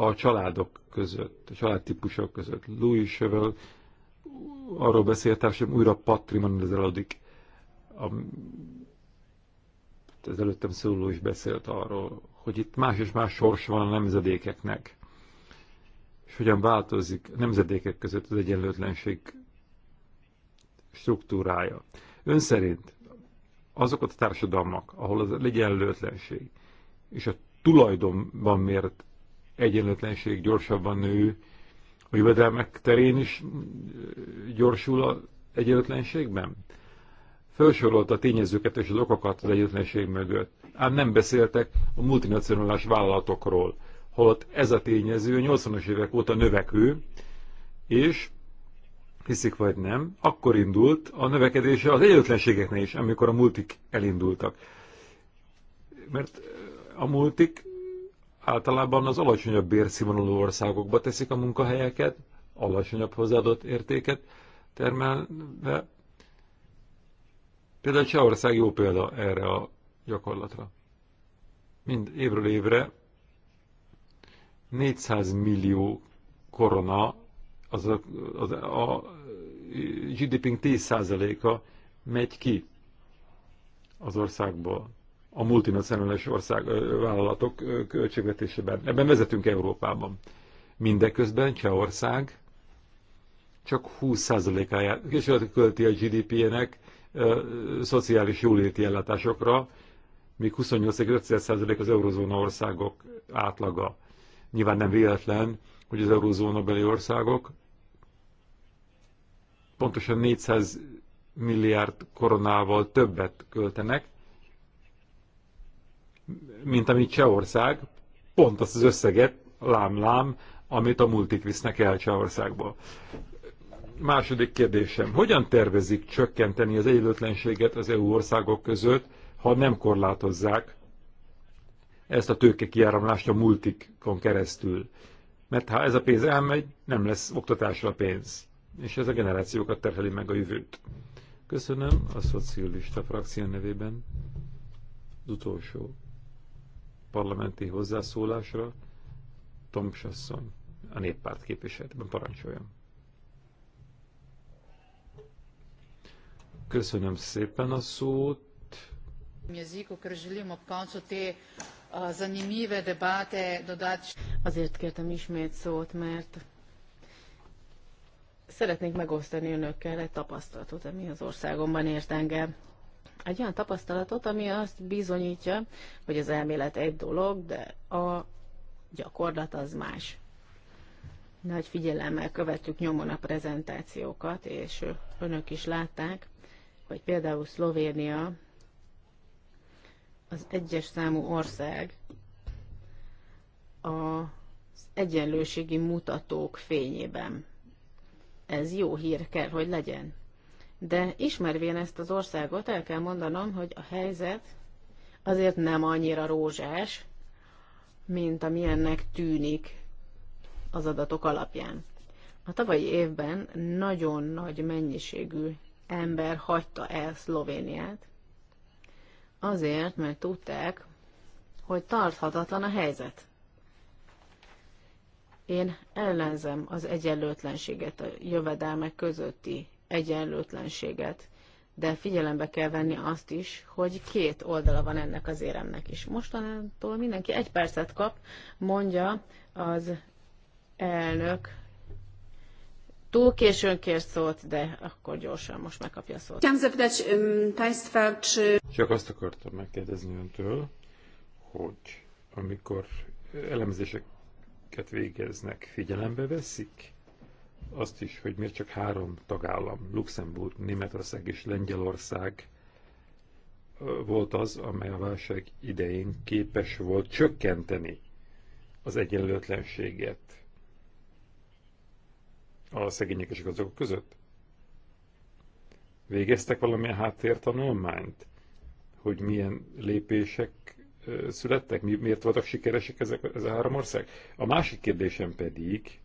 a családok között, a családtípusok között. Louis Chevel arról beszélt hogy újra eladik. A, az előttem szóló is beszélt arról, hogy itt más és más sors van a nemzedékeknek, és hogyan változik a nemzedékek között az egyenlőtlenség struktúrája. Ön szerint azokat a társadalmak, ahol az egyenlőtlenség és a tulajdonban mért egyenlőtlenség gyorsabban nő, a jövedelmek terén is gyorsul az egyenlőtlenségben? Felsorolta a tényezőket és az okokat az egyenlőtlenség mögött, ám nem beszéltek a multinacionális vállalatokról, holott ez a tényező 80-as évek óta növekvő, és hiszik vagy nem, akkor indult a növekedése az egyenlőtlenségeknél is, amikor a multik elindultak. Mert a multik általában az alacsonyabb bérszínvonalú országokba teszik a munkahelyeket, alacsonyabb hozzáadott értéket termelve. Például Csehország jó példa erre a gyakorlatra. Mind évről évre 400 millió korona, az a, az a, gdp 10%-a megy ki az országból a multinacionális ország vállalatok költségvetésében. Ebben vezetünk Európában. Mindeközben Csehország csak 20%-áját költi a GDP-nek szociális jóléti ellátásokra, míg 28,5% az eurozóna országok átlaga. Nyilván nem véletlen, hogy az eurozóna beli országok pontosan 400 milliárd koronával többet költenek, mint amit Csehország, pont azt az összeget, lám-lám, amit a multik visznek el Csehországba. Második kérdésem, hogyan tervezik csökkenteni az egyenlőtlenséget az EU országok között, ha nem korlátozzák ezt a kiáramlást a multikon keresztül? Mert ha ez a pénz elmegy, nem lesz oktatásra a pénz, és ez a generációkat terheli meg a jövőt. Köszönöm a szocialista frakció nevében. Az utolsó parlamenti hozzászólásra. Toms asszony, a néppárt képviseletben parancsoljon. Köszönöm szépen a szót. Azért kértem ismét szót, mert szeretnék megosztani önökkel egy tapasztalatot, ami az országomban ért engem egy olyan tapasztalatot, ami azt bizonyítja, hogy az elmélet egy dolog, de a gyakorlat az más. Nagy figyelemmel követtük nyomon a prezentációkat, és önök is látták, hogy például Szlovénia az egyes számú ország az egyenlőségi mutatók fényében. Ez jó hír kell, hogy legyen de ismervén ezt az országot, el kell mondanom, hogy a helyzet azért nem annyira rózsás, mint amilyennek tűnik az adatok alapján. A tavalyi évben nagyon nagy mennyiségű ember hagyta el Szlovéniát, azért, mert tudták, hogy tarthatatlan a helyzet. Én ellenzem az egyenlőtlenséget a jövedelmek közötti egyenlőtlenséget, de figyelembe kell venni azt is, hogy két oldala van ennek az éremnek is. Mostanától mindenki egy percet kap, mondja az elnök. Túl későn kér szót, de akkor gyorsan most megkapja a szót. Csak azt akartam megkérdezni öntől, hogy amikor elemzéseket végeznek, figyelembe veszik azt is, hogy miért csak három tagállam, Luxemburg, Németország és Lengyelország volt az, amely a válság idején képes volt csökkenteni az egyenlőtlenséget a szegények és gazdagok között. Végeztek valamilyen háttértanulmányt, hogy milyen lépések születtek, miért voltak sikeresek ezek, ez a három ország? A másik kérdésem pedig,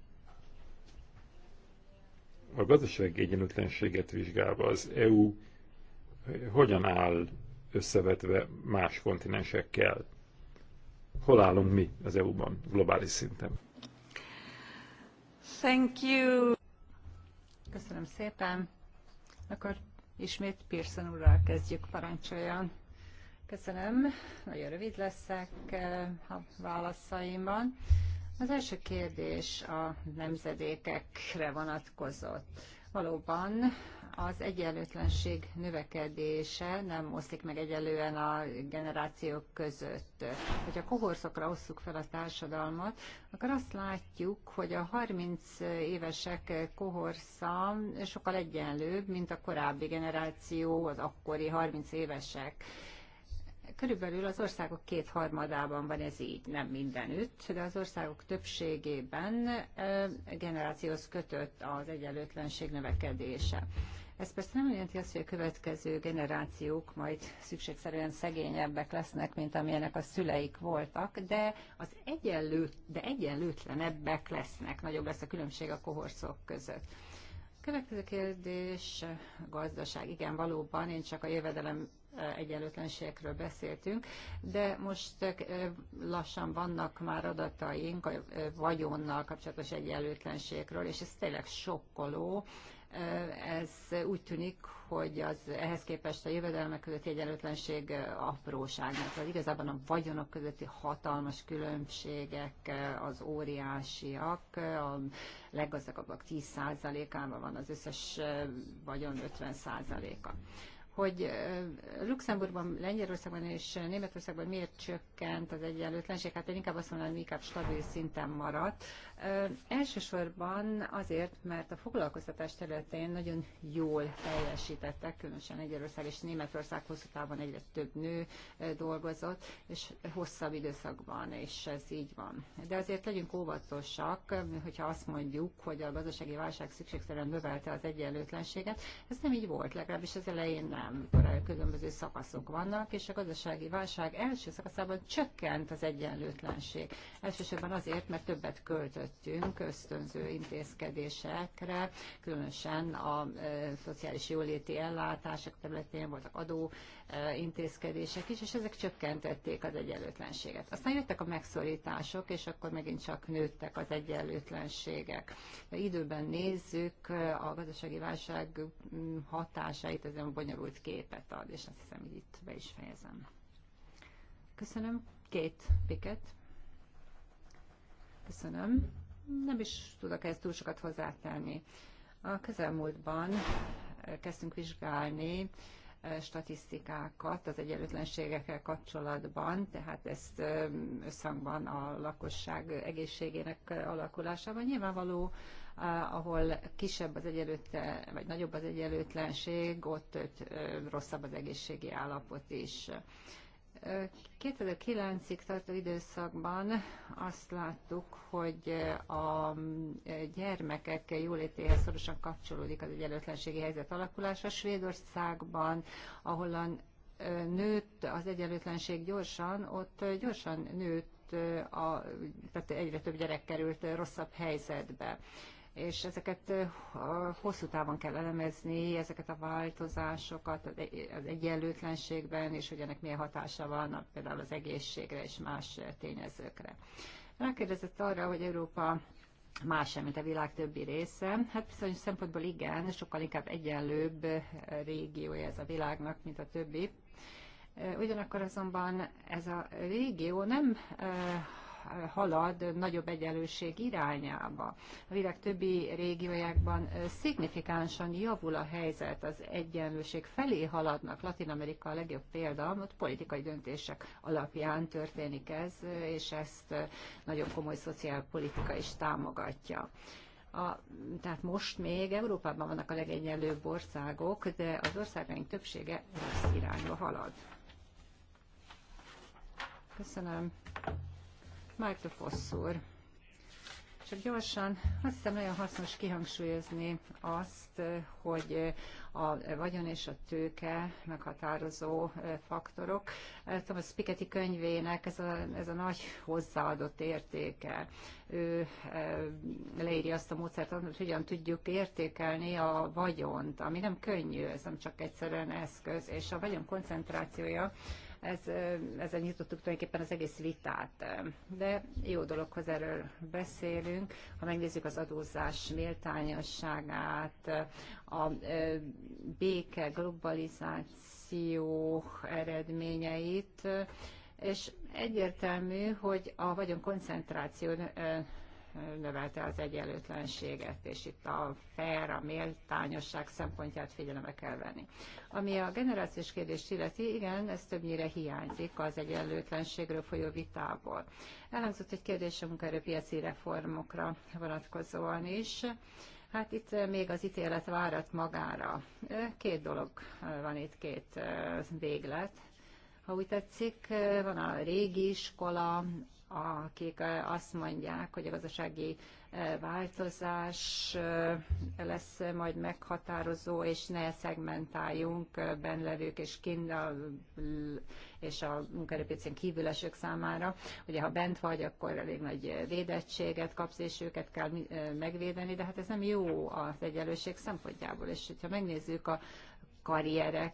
a gazdasági egyenlőtlenséget vizsgálva az EU hogyan áll összevetve más kontinensekkel? Hol állunk mi az EU-ban globális szinten? Thank you. Köszönöm szépen. Akkor ismét Pearson úrral kezdjük, parancsoljon. Köszönöm, nagyon rövid leszek eh, a válaszaimban. Az első kérdés a nemzedékekre vonatkozott. Valóban az egyenlőtlenség növekedése nem oszlik meg egyelően a generációk között. Hogyha kohorszokra osszuk fel a társadalmat, akkor azt látjuk, hogy a 30 évesek kohorsza sokkal egyenlőbb, mint a korábbi generáció, az akkori 30 évesek. Körülbelül az országok kétharmadában van ez így, nem mindenütt, de az országok többségében generációhoz kötött az egyenlőtlenség növekedése. Ez persze nem jelenti azt, hogy a következő generációk majd szükségszerűen szegényebbek lesznek, mint amilyenek a szüleik voltak, de az egyenlő, de egyenlőtlenebbek lesznek, nagyobb lesz a különbség a kohorszok között. Következő kérdés, gazdaság. Igen, valóban én csak a jövedelem egyenlőtlenségekről beszéltünk, de most lassan vannak már adataink a vagyonnal kapcsolatos egyenlőtlenségekről, és ez tényleg sokkoló, ez úgy tűnik, hogy az ehhez képest a jövedelmek közötti egyenlőtlenség mert az igazából a vagyonok közötti hatalmas különbségek az óriásiak, a leggazdagabbak 10%-ában van az összes vagyon 50%-a hogy Luxemburgban, Lengyelországban és Németországban miért csökkent az egyenlőtlenség, hát én inkább azt mondanám, hogy inkább stabil szinten maradt, Elsősorban azért, mert a foglalkoztatás területén nagyon jól teljesítettek, különösen Egyarország és Németország hosszú távon egyre több nő dolgozott, és hosszabb időszakban, és ez így van. De azért legyünk óvatosak, hogyha azt mondjuk, hogy a gazdasági válság szükségszerűen növelte az egyenlőtlenséget, ez nem így volt, legalábbis az elején nem. Különböző szakaszok vannak, és a gazdasági válság első szakaszában csökkent az egyenlőtlenség. Elsősorban azért, mert többet költött döntöttünk ösztönző intézkedésekre, különösen a e, szociális jóléti ellátások területén voltak adó e, intézkedések is, és ezek csökkentették az egyenlőtlenséget. Aztán jöttek a megszorítások, és akkor megint csak nőttek az egyenlőtlenségek. De időben nézzük e, a gazdasági válság mm, hatásait, ez nem bonyolult képet ad, és azt hiszem, hogy itt be is fejezem. Köszönöm. Két piket. Köszönöm. Nem is tudok ezt túl sokat hozzátenni. A közelmúltban eh, kezdtünk vizsgálni eh, statisztikákat az egyenlőtlenségekkel kapcsolatban, tehát ezt eh, összhangban a lakosság egészségének alakulásában nyilvánvaló, ahol kisebb az egyenlőtte, vagy nagyobb az egyenlőtlenség, ott, ott rosszabb az egészségi állapot is. 2009-ig tartó időszakban azt láttuk, hogy a gyermekek jólétéhez szorosan kapcsolódik az egyenlőtlenségi helyzet alakulása. Svédországban, ahol a nőtt az egyenlőtlenség gyorsan, ott gyorsan nőtt, a, tehát egyre több gyerek került rosszabb helyzetbe és ezeket hosszú távon kell elemezni, ezeket a változásokat az egyenlőtlenségben, és hogy ennek milyen hatása van például az egészségre és más tényezőkre. Rákérdezett arra, hogy Európa más sem, mint a világ többi része. Hát bizonyos szempontból igen, sokkal inkább egyenlőbb régiója ez a világnak, mint a többi. Ugyanakkor azonban ez a régió nem halad nagyobb egyenlőség irányába. A világ többi régiójákban szignifikánsan javul a helyzet, az egyenlőség felé haladnak. Latin Amerika a legjobb példa, ott politikai döntések alapján történik ez, és ezt nagyon komoly szociálpolitika is támogatja. A, tehát most még Európában vannak a legegyenlőbb országok, de az országaink többsége rossz irányba halad. Köszönöm. Márta Fosszúr. Csak gyorsan, azt hiszem nagyon hasznos kihangsúlyozni azt, hogy a vagyon és a tőke meghatározó faktorok. Thomas Piketty könyvének ez a, ez a nagy hozzáadott értéke. Ő e, leírja azt a módszert, hogy hogyan tudjuk értékelni a vagyont, ami nem könnyű, ez nem csak egyszerűen eszköz, és a vagyon koncentrációja ez, ezzel nyitottuk tulajdonképpen az egész vitát. De jó dologhoz erről beszélünk. Ha megnézzük az adózás méltányosságát, a béke, globalizáció eredményeit, és egyértelmű, hogy a vagyon koncentráció növelte az egyenlőtlenséget, és itt a fair, a méltányosság szempontját figyelembe kell venni. Ami a generációs kérdést illeti, igen, ez többnyire hiányzik az egyenlőtlenségről folyó vitából. Elhangzott egy kérdés a munkaerőpiaci reformokra vonatkozóan is. Hát itt még az ítélet várat magára. Két dolog van itt, két véglet. Ha úgy tetszik, van a régi iskola, akik azt mondják, hogy a gazdasági változás lesz majd meghatározó, és ne szegmentáljunk benlevők és kint a, és a munkaerőpiacon kívülesők számára. Ugye, ha bent vagy, akkor elég nagy védettséget kapsz, és őket kell megvédeni, de hát ez nem jó az egyenlőség szempontjából. És hogyha megnézzük a karrierek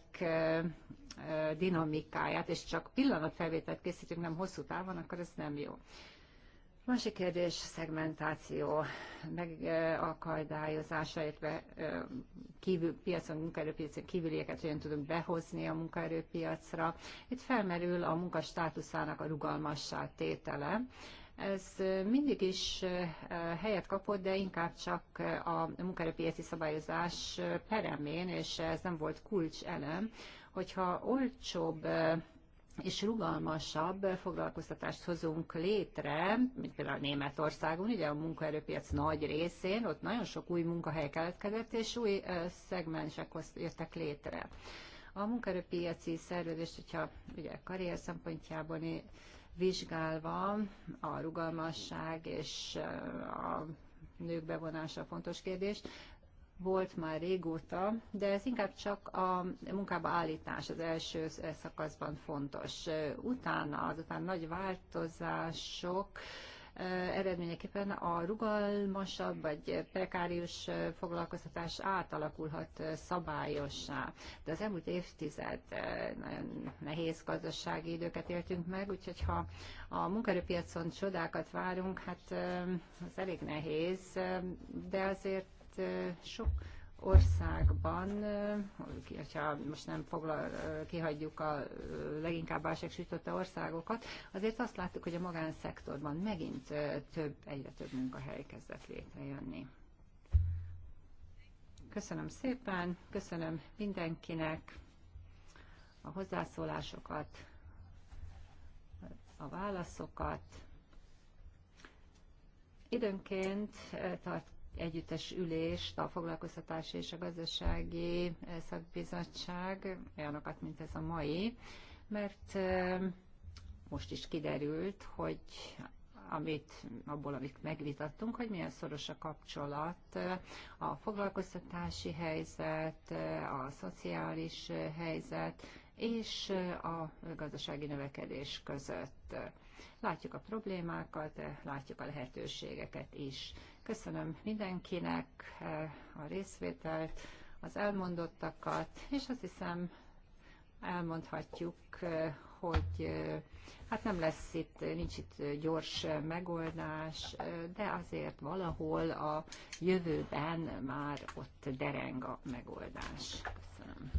dinamikáját, és csak pillanatfelvételt készítünk, nem hosszú távon, akkor ez nem jó. Másik kérdés, szegmentáció, megakadályozása, illetve kívül, piacon, munkaerőpiacon kívülieket hogyan tudunk behozni a munkaerőpiacra. Itt felmerül a munkastátuszának a rugalmassá tétele. Ez mindig is eh, helyet kapott, de inkább csak a munkerőpiaci szabályozás peremén, és ez nem volt kulcselem, hogyha olcsóbb eh, és rugalmasabb foglalkoztatást hozunk létre, mint például Németországon, ugye a munkaerőpiac nagy részén, ott nagyon sok új munkahely keletkezett, és új eh, szegmensek jöttek létre. A munkaerőpiaci szervezést, hogyha ugye karrier szempontjából vizsgálva a rugalmasság és a nők bevonása fontos kérdés, volt már régóta, de ez inkább csak a munkába állítás az első szakaszban fontos. Utána, azután nagy változások, eredményeképpen a rugalmasabb vagy prekárius foglalkoztatás átalakulhat szabályossá. De az elmúlt évtized nagyon nehéz gazdasági időket éltünk meg, úgyhogy ha a munkaerőpiacon csodákat várunk, hát az elég nehéz, de azért sok országban, hogyha most nem foglal, kihagyjuk a leginkább válság sütötte országokat, azért azt láttuk, hogy a magánszektorban megint több, egyre több munkahely kezdett létrejönni. Köszönöm szépen, köszönöm mindenkinek a hozzászólásokat, a válaszokat. Időnként tart együttes ülést a foglalkoztatási és a gazdasági eh, szakbizottság, olyanokat, mint ez a mai, mert eh, most is kiderült, hogy amit, abból, amit megvitattunk, hogy milyen szoros a kapcsolat eh, a foglalkoztatási helyzet, a szociális helyzet és a gazdasági növekedés között. Látjuk a problémákat, látjuk a lehetőségeket is. Köszönöm mindenkinek eh, a részvételt, az elmondottakat, és azt hiszem elmondhatjuk, eh, hogy eh, hát nem lesz itt, nincs itt gyors megoldás, de azért valahol a jövőben már ott dereng a megoldás. Köszönöm.